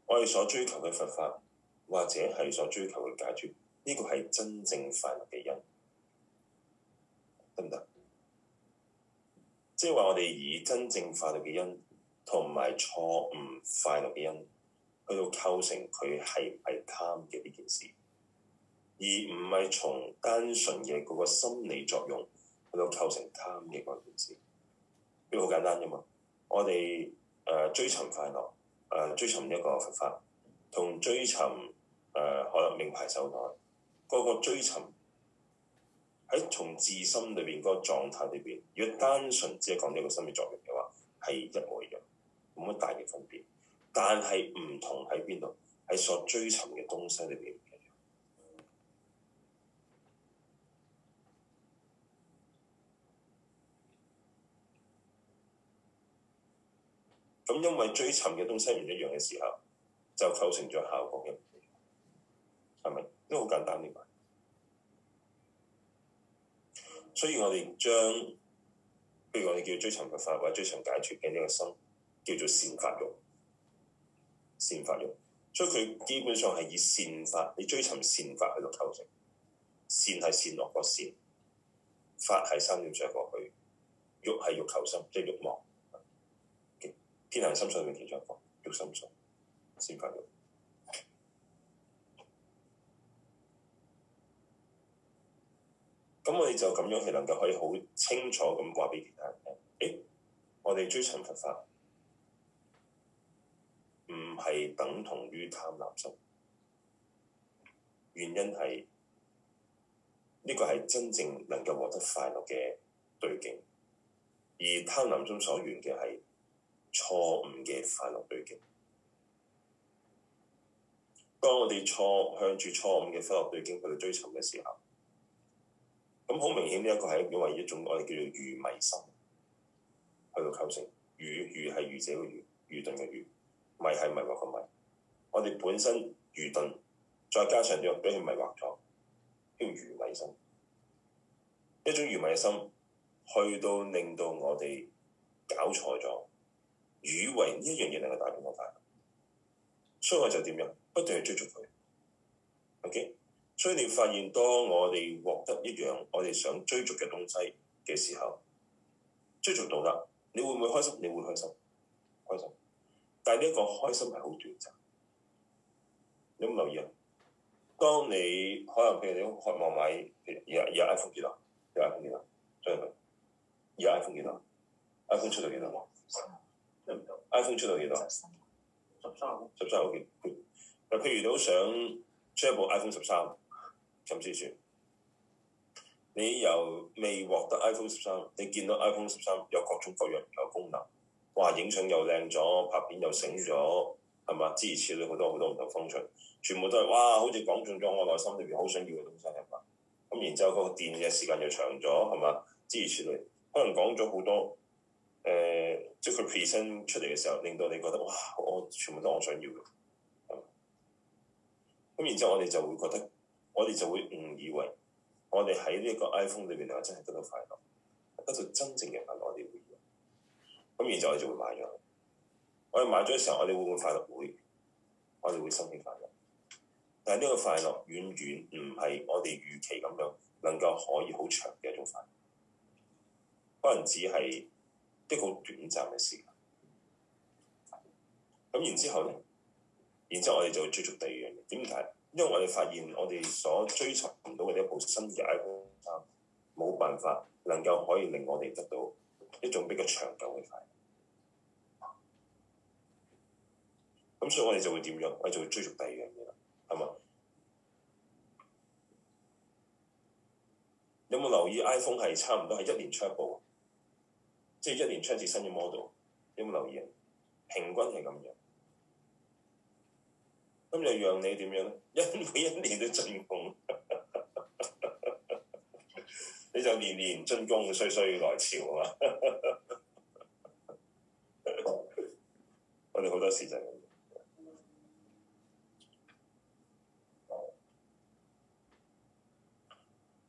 我哋所追求嘅佛法，或者係所追求嘅解脫，呢、這個係真正快樂嘅因，得唔得？即係話我哋以真正快樂嘅因同埋錯誤快樂嘅因，去到構成佢係唔係貪嘅呢件事，而唔係從單純嘅嗰個心理作用去到構成貪嘅嗰件事，呢個好簡單啫嘛。我哋誒、呃、追尋快樂。誒，追尋一個佛法，同追尋誒、呃、可能名牌手袋，個個追尋喺從自心裏邊嗰個狀態裏邊，如果單純只係講呢個心理作用嘅話，係一模一樣，冇乜大嘅分別。但係唔同喺邊度？喺所追尋嘅東西裏邊。咁因為追尋嘅東西唔一樣嘅時候，就構成咗效果一樣，係咪？都好簡單啲嘛。所以我哋將，譬如我哋叫追尋佛法或者追尋解脫嘅呢個心，叫做善法欲。善法欲，所以佢基本上係以善法，你追尋善法喺度構成。善係善落個善，法係心要著過去，欲係欲求心，即係慾望。天下心水裏面其中一方欲心熟，先快樂。咁我哋就咁樣係能夠可以好清楚咁話俾其他人聽。誒，我哋追求佛法唔係等同於貪婪心，原因係呢個係真正能夠獲得快樂嘅對境，而貪婪中所願嘅係錯誤嘅快樂對境，當我哋錯，向住錯誤嘅快樂對境去追尋嘅時候，咁好明顯呢一個係因為一種我哋叫做愚迷心去到構成愚愚係愚者嘅愚，愚鈍嘅愚，愚，愚，愚，迷係迷惑嘅迷。我哋本身愚鈍，再加上又俾佢迷惑咗，叫愚迷心。一種愚迷心去到令到我哋搞錯咗。以為呢一樣嘢能夠帶俾我快樂，所以我就點樣不斷去追逐佢。OK，所以你發現，當我哋獲得一樣我哋想追逐嘅東西嘅時候，追逐到啦，你會唔會開心？你會開心，開心。但係呢一個開心係好短暫，你有冇留意啊？當你可能譬如你渴望買，又又 iPhone 幾多，又 iPhone 幾多，真係佢又 iPhone 幾多，iPhone 出到幾多，冇？iPhone 出到幾多？十三，十三 OK。譬如你好想出一部 iPhone 十三，甚至於，你由未獲得 iPhone 十三，你見到 iPhone 十三有各種各樣有，有功能，哇！影相又靚咗，拍片又醒咗，係嘛？諸如此類好多好多唔同功能，全部都係哇！好似講中咗我內心裏邊好想要嘅東西，係嘛？咁然之後嗰個電嘅時間又長咗，係嘛？諸如此類，可能講咗好多。誒，即係佢 present 出嚟嘅時候，令到你覺得哇！我全部都我想要嘅，咁然之後我哋就會覺得，我哋就會誤以為我哋喺呢一個 iPhone 裏邊啊，真係得到快樂，得到真正嘅快樂，我哋會咁，然之後我哋就會買咗。我哋買咗嘅時候，我哋會唔會快樂？會，我哋會心慶快樂。但係呢個快樂，遠遠唔係我哋預期咁樣能夠可以好長嘅一種快樂，可能只係～即好短暫嘅時間，咁然之後咧，然之後我哋就會追逐第二樣嘢。點解？因為我哋發現我哋所追尋唔到嘅一部新嘅 iPhone 呀，冇辦法能夠可以令我哋得到一種比較長久嘅快。咁所以我哋就會點樣？我哋就會追逐第二樣嘢啦，係嘛？有冇留意 iPhone 係差唔多係一年出一部？即係一年出一次新嘅 model，有冇留意啊？平均係咁樣，咁就讓你點樣咧？因每一年都進攻， 你就年年進攻，衰衰來潮啊！ 我哋好多時就係咁樣，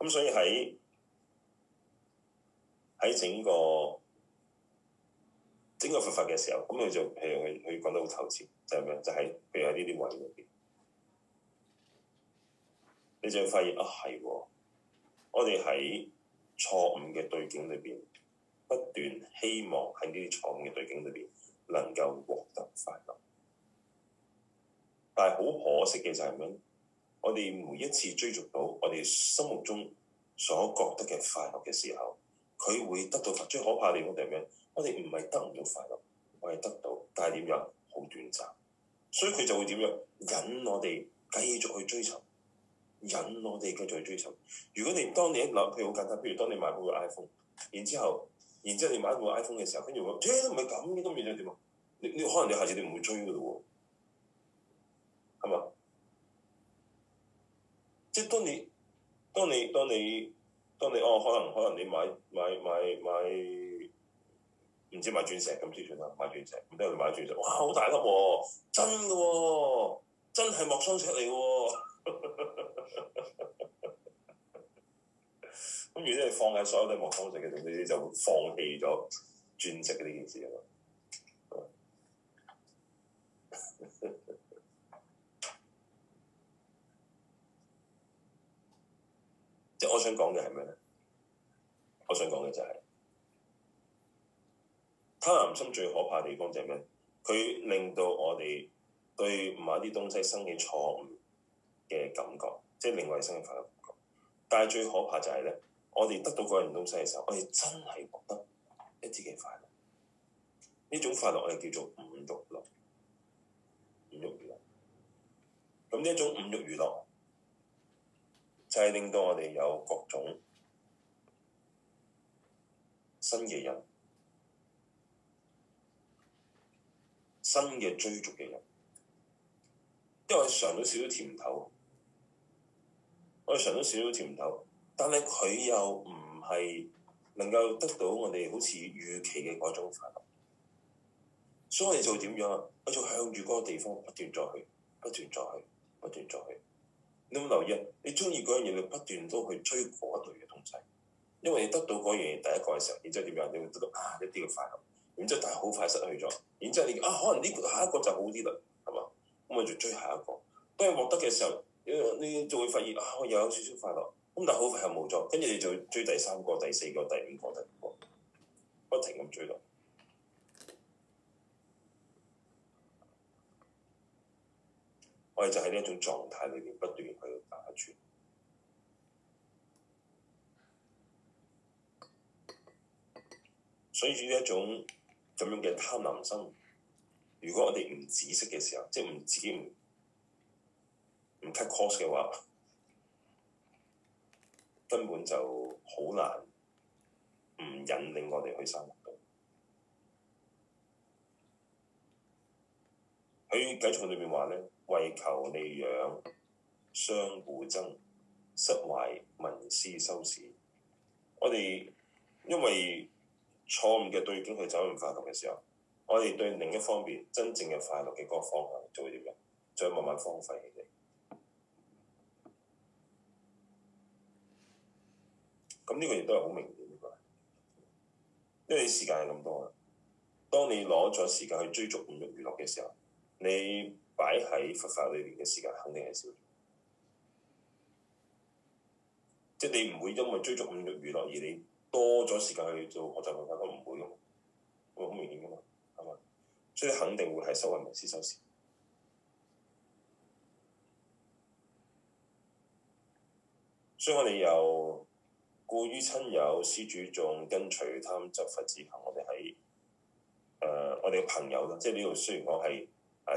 咁所以喺喺整個。整個佛法嘅時候，咁佢就譬如佢佢講得好透徹，就係、是、咩？就係譬如喺呢啲位裏邊，你就發現啊，係、哦，我哋喺錯誤嘅對境裏邊不斷希望喺呢啲錯誤嘅對境裏邊能夠獲得快樂，但係好可惜嘅就係咩？我哋每一次追逐到我哋心目中所覺得嘅快樂嘅時候，佢會得到最可怕嘅地方，就係咩？我哋唔係得唔到快樂，我係得到，但係點樣？好短暫，所以佢就會點樣引我哋繼續去追尋，引我哋繼續去追尋。如果你當你一諗，譬如好簡單，譬如當你買部 iPhone，然之後，然之後你買部 iPhone 嘅時候，跟住我，誒都唔係咁，都變咗點啊？你你可能你下次你唔會追噶咯喎，係嘛？即係當你，當你，當你，當你，當你哦，可能可能你買買買買。買買買唔知買鑽石咁先算啦，買鑽石咁之後佢買鑽石，哇好大粒喎、啊，真嘅喎、啊，真係莫桑石嚟喎、啊。咁 如果你放喺所有都係莫桑石嘅，總之就會放棄咗鑽石嘅呢件事啊嘛。即 係我想講嘅係咩咧？我想講嘅就係。貪婪心最可怕地方就係咩？佢令到我哋對某一啲東西生起錯誤嘅感覺，即、就、係、是、另外生起快樂感覺。但係最可怕就係咧，我哋得到嗰樣東西嘅時候，我哋真係覺得一自己快樂。呢種快樂我哋叫做五慾樂，五欲娛樂。咁呢一種五欲娛樂就係、是、令到我哋有各種新嘅人。新嘅追逐嘅人，因為我嘗到少少甜頭，我哋嘗到少少甜頭，但係佢又唔係能夠得到我哋好似預期嘅嗰種快樂，所以我哋就點樣啊？我就向住嗰個地方不斷再去，不斷再去，不斷再去。你有冇留意啊？你中意嗰樣嘢，你不斷都去追嗰類嘅東西，因為你得到嗰樣嘢第一個嘅時候，你就係點樣？你會得到啊一啲嘅快樂。然之後，但係好快失去咗。然之後你，你啊，可能呢、呢個、下一個就好啲啦，係嘛？咁我就追下一個，當你獲得嘅時候，你就會發現啊，我又有少少快樂。咁但係好快又冇咗，跟住你就追第三個、第四個、第五個、第六個，不停咁追落。我哋就喺呢一種狀態裏邊不斷去打轉，所以呢一種。咁樣嘅貪婪心，如果我哋唔知識嘅時候，即係唔自己唔 cut cost 嘅話，根本就好難唔引領我哋去生活到。喺《偈頌》裏面話咧，為求利養，相互爭，失壞聞思修事。我哋因為錯誤嘅對境去走入快樂嘅時候，我哋對另一方面真正嘅快樂嘅嗰個方向做嘢嘅，就會咁樣就會慢慢荒廢起嚟。咁、這、呢個亦都係好明顯嘅，因為你時間係咁多嘅。當你攞咗時間去追逐五欲娛樂嘅時候，你擺喺佛法裏邊嘅時間肯定係少，即係你唔會因為追逐五欲娛樂而你。多咗時間去做我就文化都唔會嘅嘛，會好明顯嘅嘛，係嘛？所以肯定會係收為民私收事。所以我哋由故於親友施主眾，根除貪執佛子行，我哋喺誒我哋嘅朋友啦，即係呢度雖然我係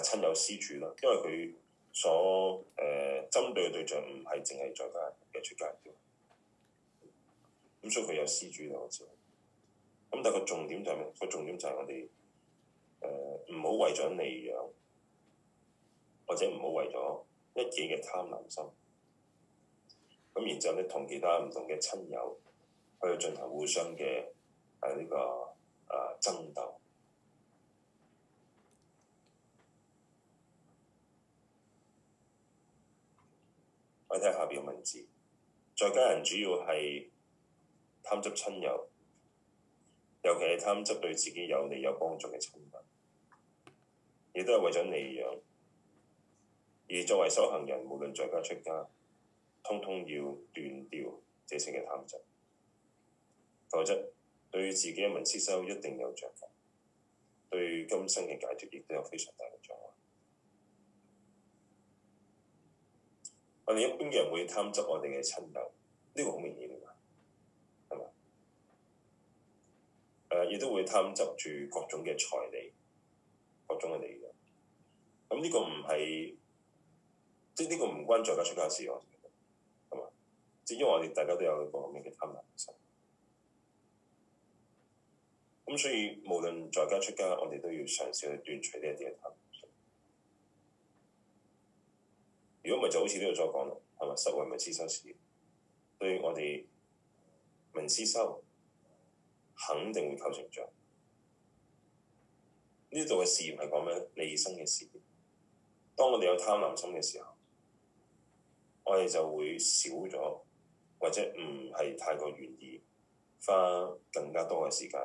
誒親友施主啦，因為佢所誒、呃、針對嘅對象唔係淨係在家人嘅出家。咁所以佢有施主嘅，咁但係個重點就係、是、咩？個重點就係我哋誒唔好為咗利養，或者唔好為咗一己嘅貪婪心。咁然之後咧，同其他唔同嘅親友去進行互相嘅係呢個啊爭鬥。我睇下下邊嘅文字，在家人主要係，貪執親友，尤其係貪執對自己有利有幫助嘅親友，亦都係為咗利養。而作為修行人，無論在家出家，通通要斷掉這些嘅貪執，否則對自己嘅聞思修一定有障礙，對今生嘅解脫亦都有非常大嘅障礙。我哋一般嘅人會貪執我哋嘅親友，呢、這個好明顯。誒，亦都會貪執住各種嘅財利，各種嘅利益。咁、這、呢個唔係，即係呢個唔關在家出家事喎。係嘛？只因為我哋大家都有嗰個咁嘅貪婪心。咁所以無論在家出家，我哋都要嘗試去斷除呢一啲嘅貪婪。如果唔係，就好似呢度所講啦，係咪失壞聞思修事業，對我哋聞思修。肯定會構成障礙。呢度嘅事業係講咩？利生嘅事業。當我哋有貪婪心嘅時候，我哋就會少咗，或者唔係太過願意花更加多嘅時間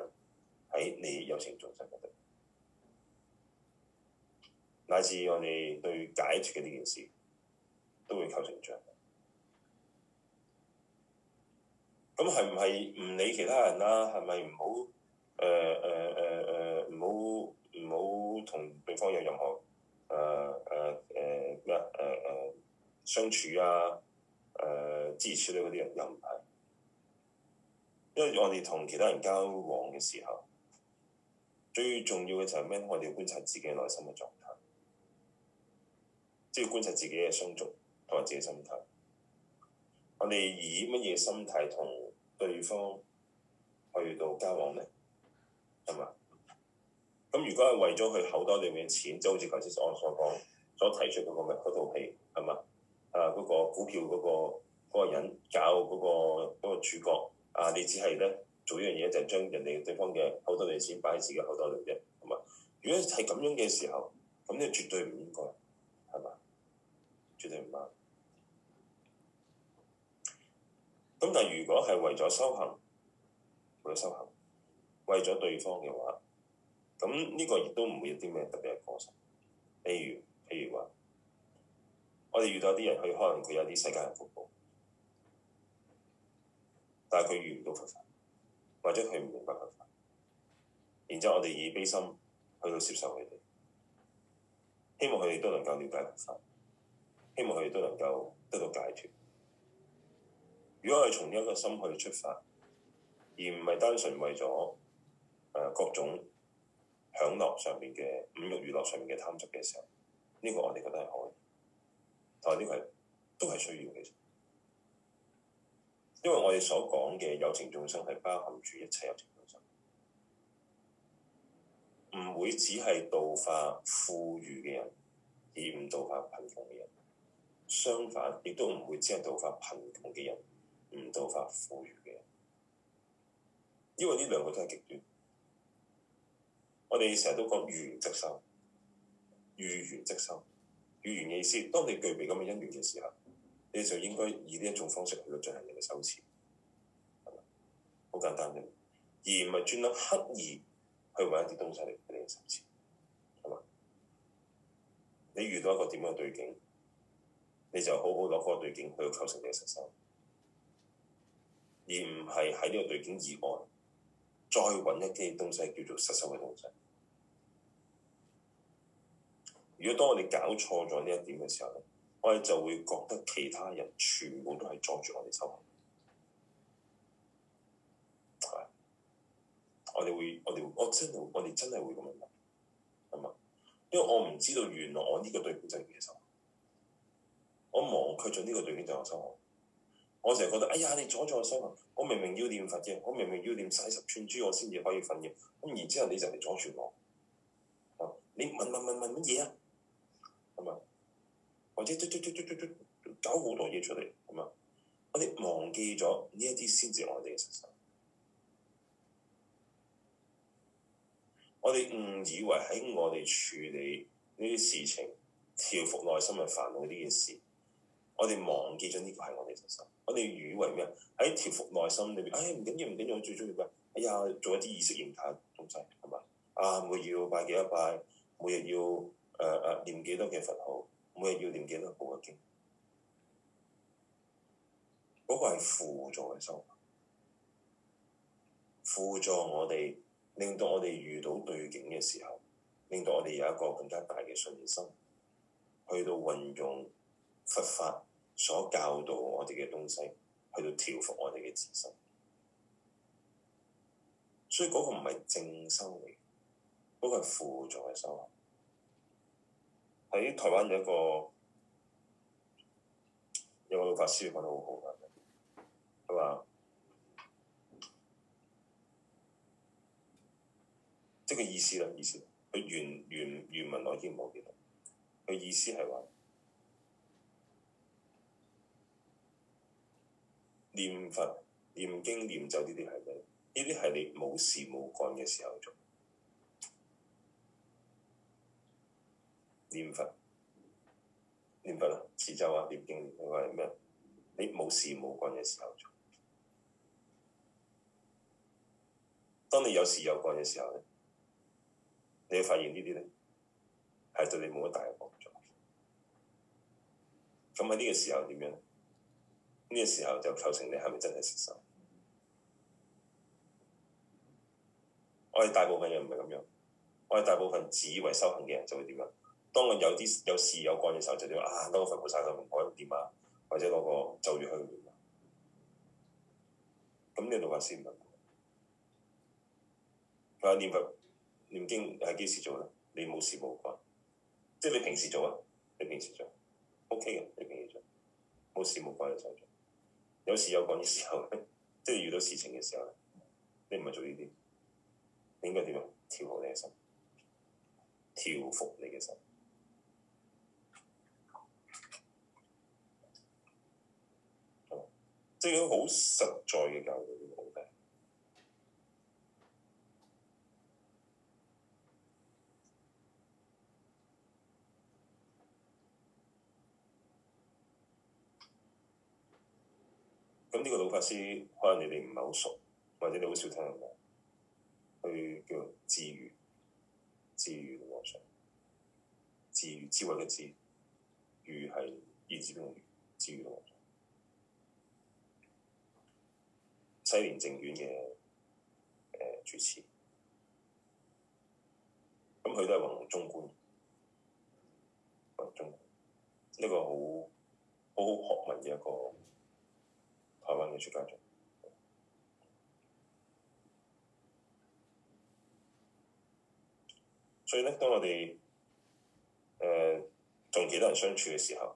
喺你有情眾生嗰度，乃至我哋對解脫嘅呢件事都會構成障礙。咁係唔係唔理其他人啦、啊？係咪唔好誒誒誒誒唔好唔好同對方有任何誒誒誒咩啊誒相處啊誒支持咧，嗰啲人又唔係，因為我哋同其他人交往嘅時候，最重要嘅就係咩？我哋要觀察自己嘅內心嘅狀態，即、就、要、是、觀察自己嘅相續同埋自己心態。我哋以乜嘢心態同對方去到交往咧，係嘛？咁如果係為咗佢口袋裏面嘅錢，就好似頭先我所講所提出嗰套戲，係嘛？啊嗰個股票嗰個嗰個人搞嗰個嗰個主角啊，你只係咧做一樣嘢，就係將人哋嘅對方嘅口袋裏嘅錢擺喺自己口袋度啫，係嘛？如果係咁樣嘅時候，咁你絕對唔應該，係嘛？絕對唔啱。咁但係如果係為咗修行，為咗修行，為咗對方嘅話，咁呢個亦都唔會有啲咩特別嘅過失。譬如譬如話，我哋遇到啲人去，佢可能佢有啲世間嘅福報，但係佢遇唔到佛法，或者佢唔明白佛法，然之後我哋以悲心去到接受佢哋，希望佢哋都能夠了解佛法，希望佢哋都能夠得到解脫。如果係從一個心去出發，而唔係單純為咗誒、呃、各種享樂上面嘅五慾娛樂上面嘅貪執嘅時候，呢、呢個我哋覺得係可以。但呢個係都係需要嘅。因為我哋所講嘅有情眾生係包含住一切有情眾生，唔會只係度化富裕嘅人，而唔度化貧窮嘅人。相反，亦都唔會只係度化貧窮嘅人。唔到法富裕嘅，因為呢兩個都係極端。我哋成日都講遇緣則修，遇緣則修。遇緣嘅意思，當你具備咁嘅因緣嘅時候，你就應該以呢一種方式去到進行你嘅修持，係嘛？好簡單嘅，而唔係專登刻意去揾一啲東西嚟俾你修持，係嘛？你遇到一個點樣嘅對境，你就好好攞嗰個對境去到構成你嘅實修。而唔係喺呢個對境以外，再揾一啲嘅東西叫做失收嘅東西。如果當我哋搞錯咗呢一點嘅時候咧，我哋就會覺得其他人全部都係阻住我哋收。係，我哋會，我哋，我真係，我哋真係會咁樣諗，係嘛？因為我唔知道原來我呢個對境就係失收，我忘記咗呢個對境就係失行。我成日覺得，哎呀！你阻住我修行，我明明要念佛啫，我明明要念晒十串珠，我先至可以念佛。咁然之後你就嚟阻住我，你問問問問乜嘢啊？咁啊，或者嘟嘟嘟嘟嘟嘟搞好多嘢出嚟咁啊！我哋忘記咗呢一啲先至係我哋嘅實實。我哋誤以為喺我哋處理呢啲事情、調伏內心嘅煩惱呢件事，我哋忘記咗呢個係我哋嘅實實。我哋以為咩？喺條服內心裏面，唉、哎、唔緊要唔緊要，我最中意嘅。哎呀，做一啲意識形態東西係咪？啊，每日要拜幾多拜？每日要誒誒唸幾多嘅佛號？每日要念幾多部經？嗰、那個係輔助嘅手法，輔助我哋令到我哋遇到對境嘅時候，令到我哋有一個更加大嘅信心，去到運用佛法，所教導我哋嘅東西，去到調伏我哋嘅自身，所以嗰個唔係正心嚟，嗰、嗰個係輔助嘅修。喺台灣有一個有一個老法師講得好好嘅，係嘛？即係個意思啦，意思，佢原原原文我已經冇記得，佢意思係話。念佛、念經、念咒呢啲係咩？呢啲係你冇事冇幹嘅時候做。念佛、念佛啦、啊，持咒啊，念經，你話咩？你冇事冇幹嘅時候做。當你有事有幹嘅時候咧，你會發現呢啲咧係對你冇乜大嘅幫助。咁喺呢個時候點樣？呢個時候就構成你係咪真係食神。我哋大部分人唔係咁樣，我哋大部分自以為修行嘅人就會點樣？當我有啲有事有幹嘅時候，就點啊？當我發布曬個紅海點啊？或者嗰個咒語去點啊？咁呢度話先唔得。佢話念佛念經係幾時做咧？你冇事冇關，即係你平時做啊？你平時做 OK 嘅，你平時做冇事冇關嘅時做。有時有講嘅時候，即係遇到事情嘅時候，你唔係做呢啲，你應該點樣調伏你嘅心？調伏你嘅心，即係一種好實在嘅教育。呢個老法師可能你哋唔係好熟，或者你好少聽人講，佢叫智諭、智諭和尚、智諭，智慧嘅智，諭係言字邊嗰個。智諭和尚，西蓮淨苑嘅、呃、住持，咁佢都係黃中官，黃中呢個好好學問嘅一個。去揾嘢出街所以咧，當我哋誒同其他人相處嘅時候，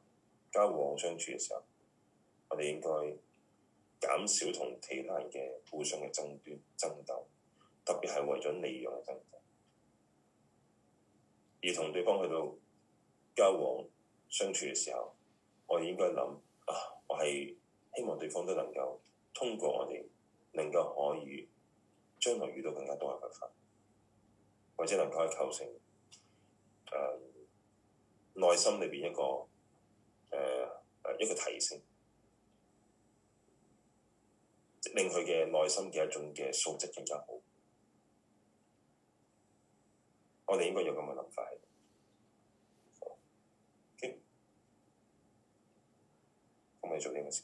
交往相處嘅時候，我哋應該減少同其他人嘅互相嘅爭端、爭鬥，特別係為咗利養嘅爭鬥。而同對方去到交往相處嘅時候，我哋應該諗啊，我係。希望對方都能夠通過我哋，能夠可以將來遇到更加多嘅佛法，或者能夠去構成誒內、呃、心裏邊一個誒誒、呃、一個提升，令佢嘅內心嘅一種嘅素質更加好。我哋應該有咁嘅諗法，咁、Okay. 我哋做啲咩事？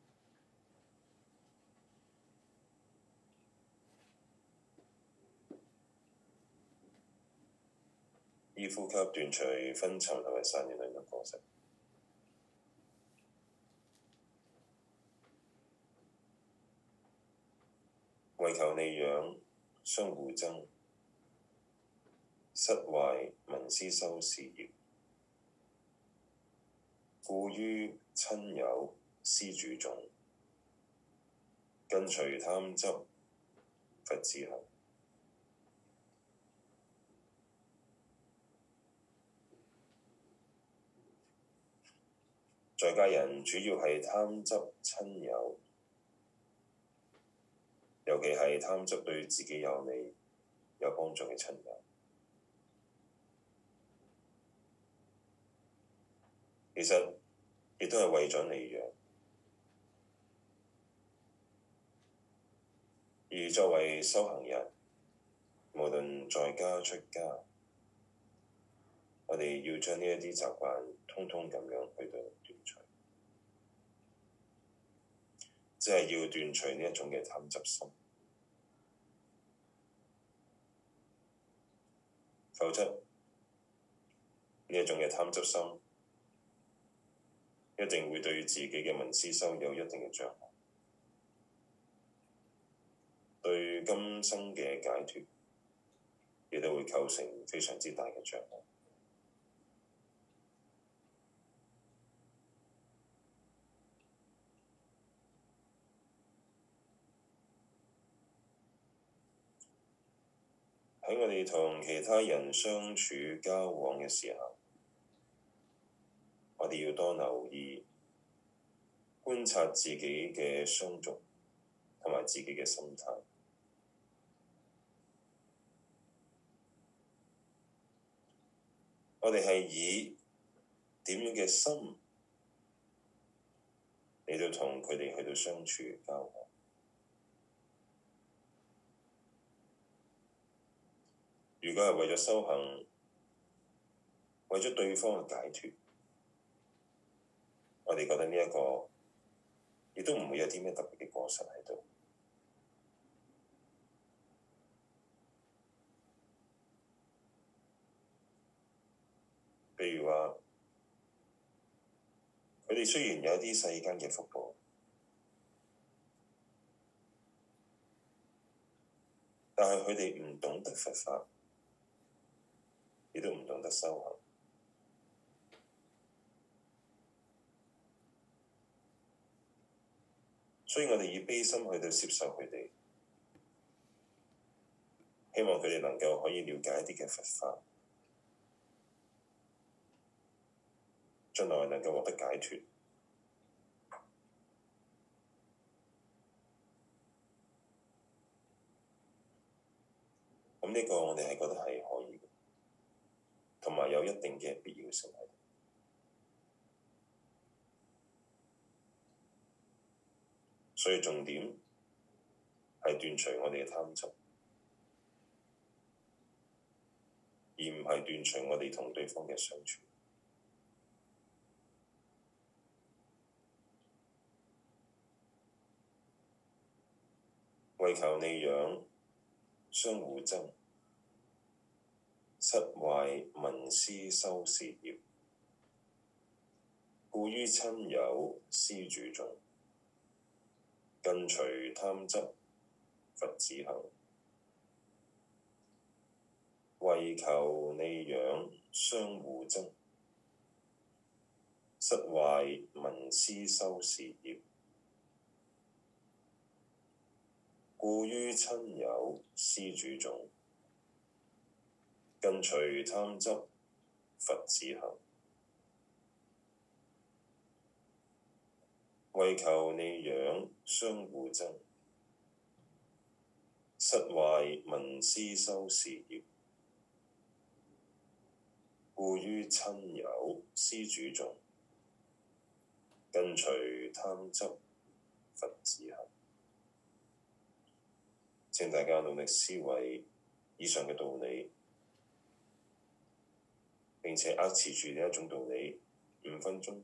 以呼吸斷除分層，同埋散念力量模式？為求利養相互爭，失壞聞思修事業，故於親友施主眾，根除貪執，佛子行。在家人主要係貪執親友，尤其係貪執對自己有利、有幫助嘅親友，其實亦都係為咗利養。而作為修行人，無論在家出家，我哋要將呢一啲習慣，通通咁樣去掉。即係要斷除呢一種嘅貪執心，否則呢一種嘅貪執心一定會對自己嘅聞思修有一定嘅障礙，對今生嘅解脫亦都會構成非常之大嘅障礙。喺我哋同其他人相處交往嘅時候，我哋要多留意觀察自己嘅相續，同埋自己嘅心態。我哋係以點樣嘅心嚟到同佢哋去到相處交往？如果係為咗修行，為咗對方嘅解脫，我哋覺得呢、這、一個亦都唔會有啲咩特別嘅過失喺度。譬如話，佢哋雖然有啲世間嘅福報，但係佢哋唔懂得佛法。亦都唔懂得修行，所以我哋以悲心去到攝受佢哋，希望佢哋能夠可以了解一啲嘅佛法，將來能夠獲得解脱。咁呢個我哋係覺得係可以。同埋有一定嘅必要性喺度，所以重點係斷除我哋嘅貪執，而唔係斷除我哋同對方嘅相處，為求利養，相互爭。失壞聞思修事業，故於親友施主眾，根除貪執佛子行，為求利養相互爭，失壞聞思修事業，故於親友施主眾。根除貪執佛子行，為求利養相互爭，失壞聞思修事業，故於親友施主眾，根除貪執佛子行。請大家努力思維以上嘅道理。並且扼持住呢一種道理，五分鐘，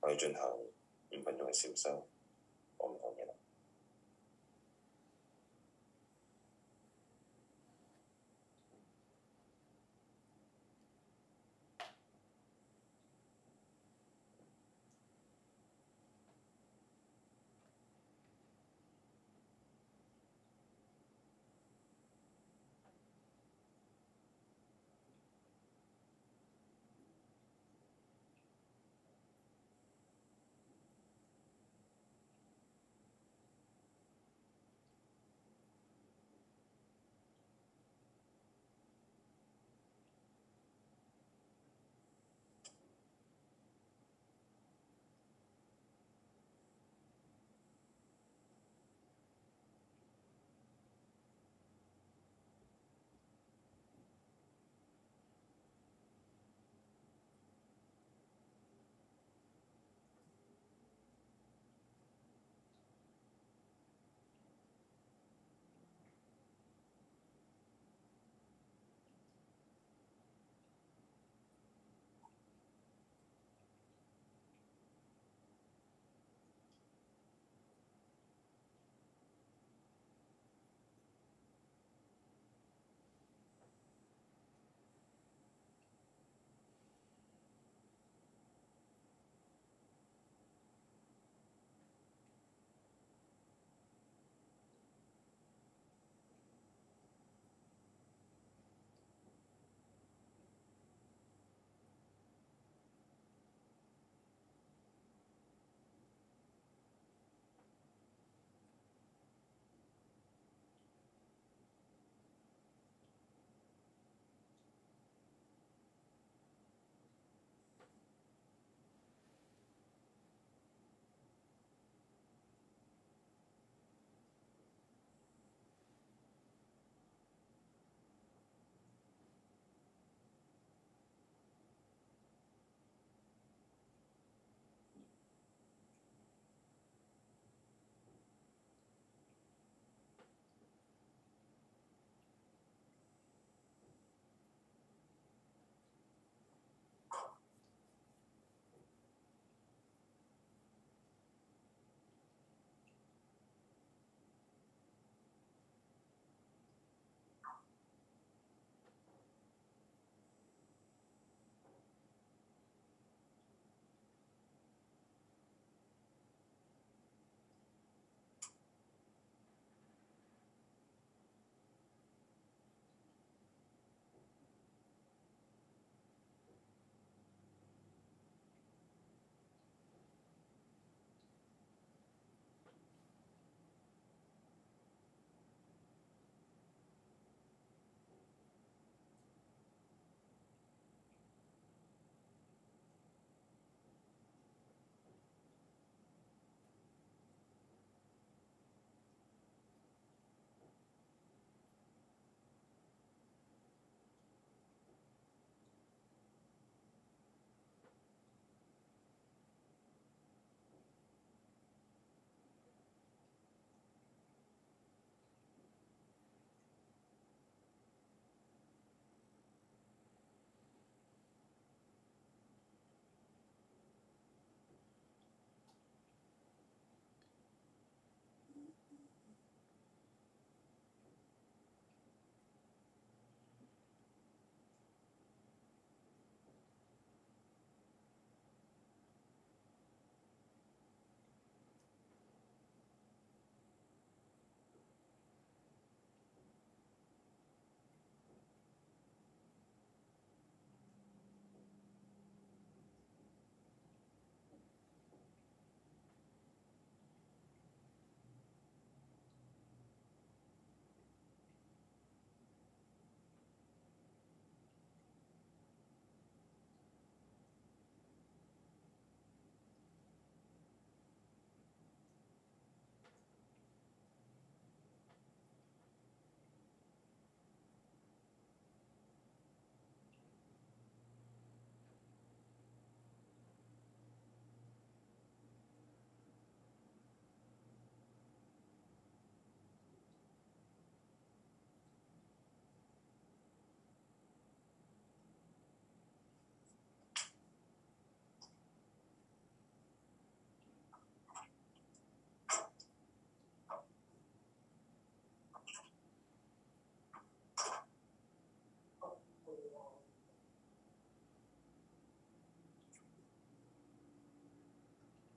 我要進行五分鐘嘅小修。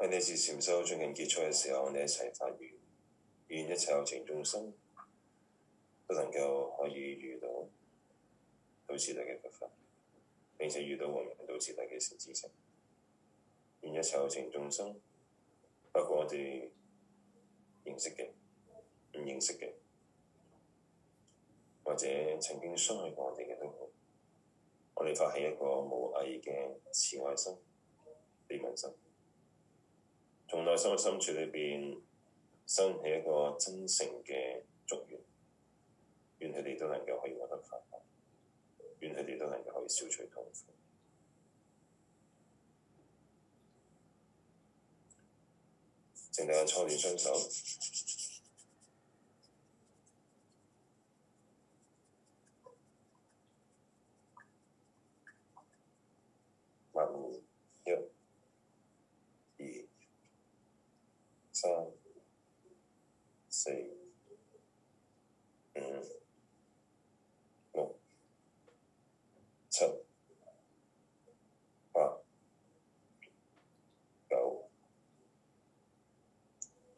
喺呢次禪修最近結束嘅時候，我哋一齊發願，願一切有情眾生都能夠可以遇到道次第嘅佛法，並且遇到和明道次第嘅善知識，願一切有情眾生，包括我哋認識嘅、唔認識嘅，或者曾經傷害過我哋嘅都好，我哋發起一個無畏嘅慈愛心、悲憫心。從內心嘅深處裏邊生起一個真誠嘅祝願，願佢哋都能夠可以獲得快樂，願佢哋都能夠可以消除痛苦。靜下，搓暖雙手。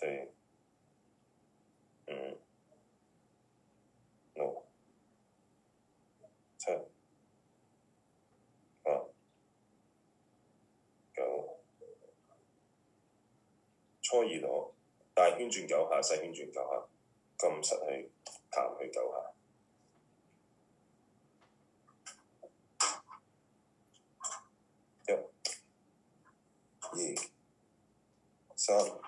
四、五、六、七、八、九、初二攞大圈轉九下，細圈轉九下，咁實去談去九下，一、二、三。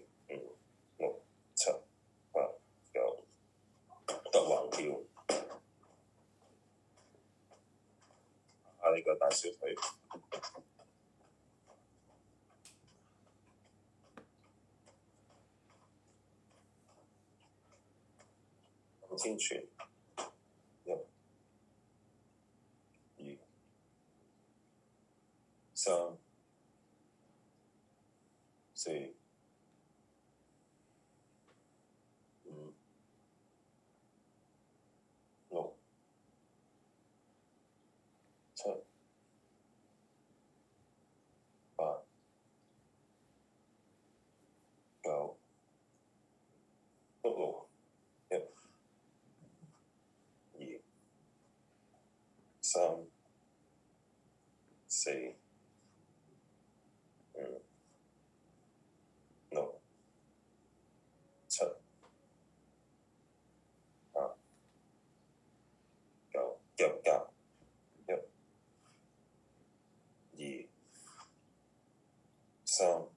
四、五、六、七、八、九、十、十一、十二、十三、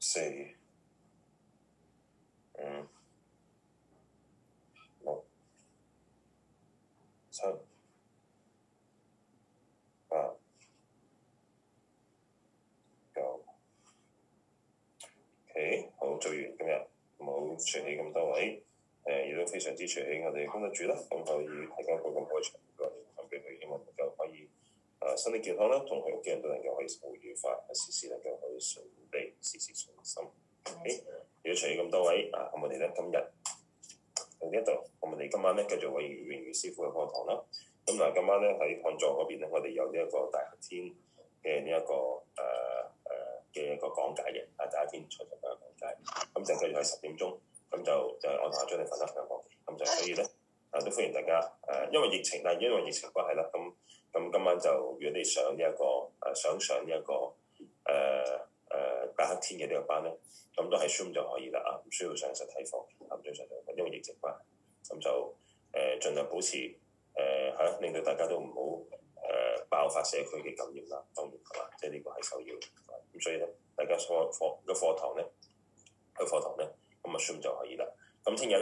十四。做完今日冇隨喜咁多位，誒、呃、亦都非常之隨喜我哋工作住啦，咁可以提高個個開場個氛圍，希望能夠可以誒、呃、身體健康啦，同佢屋企人都能夠可以無語化，時時能夠可以順利，時時順心。咦，要隨喜咁多位啊！我哋咧今日喺呢一度，我哋今晚咧繼續為袁師傅嘅課堂啦。咁、啊、嗱，今晚咧喺漢座嗰邊咧，我哋有呢一個大天嘅呢一個誒誒嘅一個講解嘅啊，大天，咁就繼續係十點鐘，咁就就我同阿張定瞓啦，同佢咁就所以咧，誒、啊、都歡迎大家誒、呃，因為疫情啦，因為疫情關係啦，咁咁今晚就如果你上呢一個誒，想上呢一個誒誒白黑天嘅呢個班咧，咁都係 Zoom 就可以啦啊，唔需要上實體課，唔需要上實體課，因為疫情關係，咁就誒盡量保持誒嚇、呃啊，令到大家都唔好誒爆發社區嘅感染啦。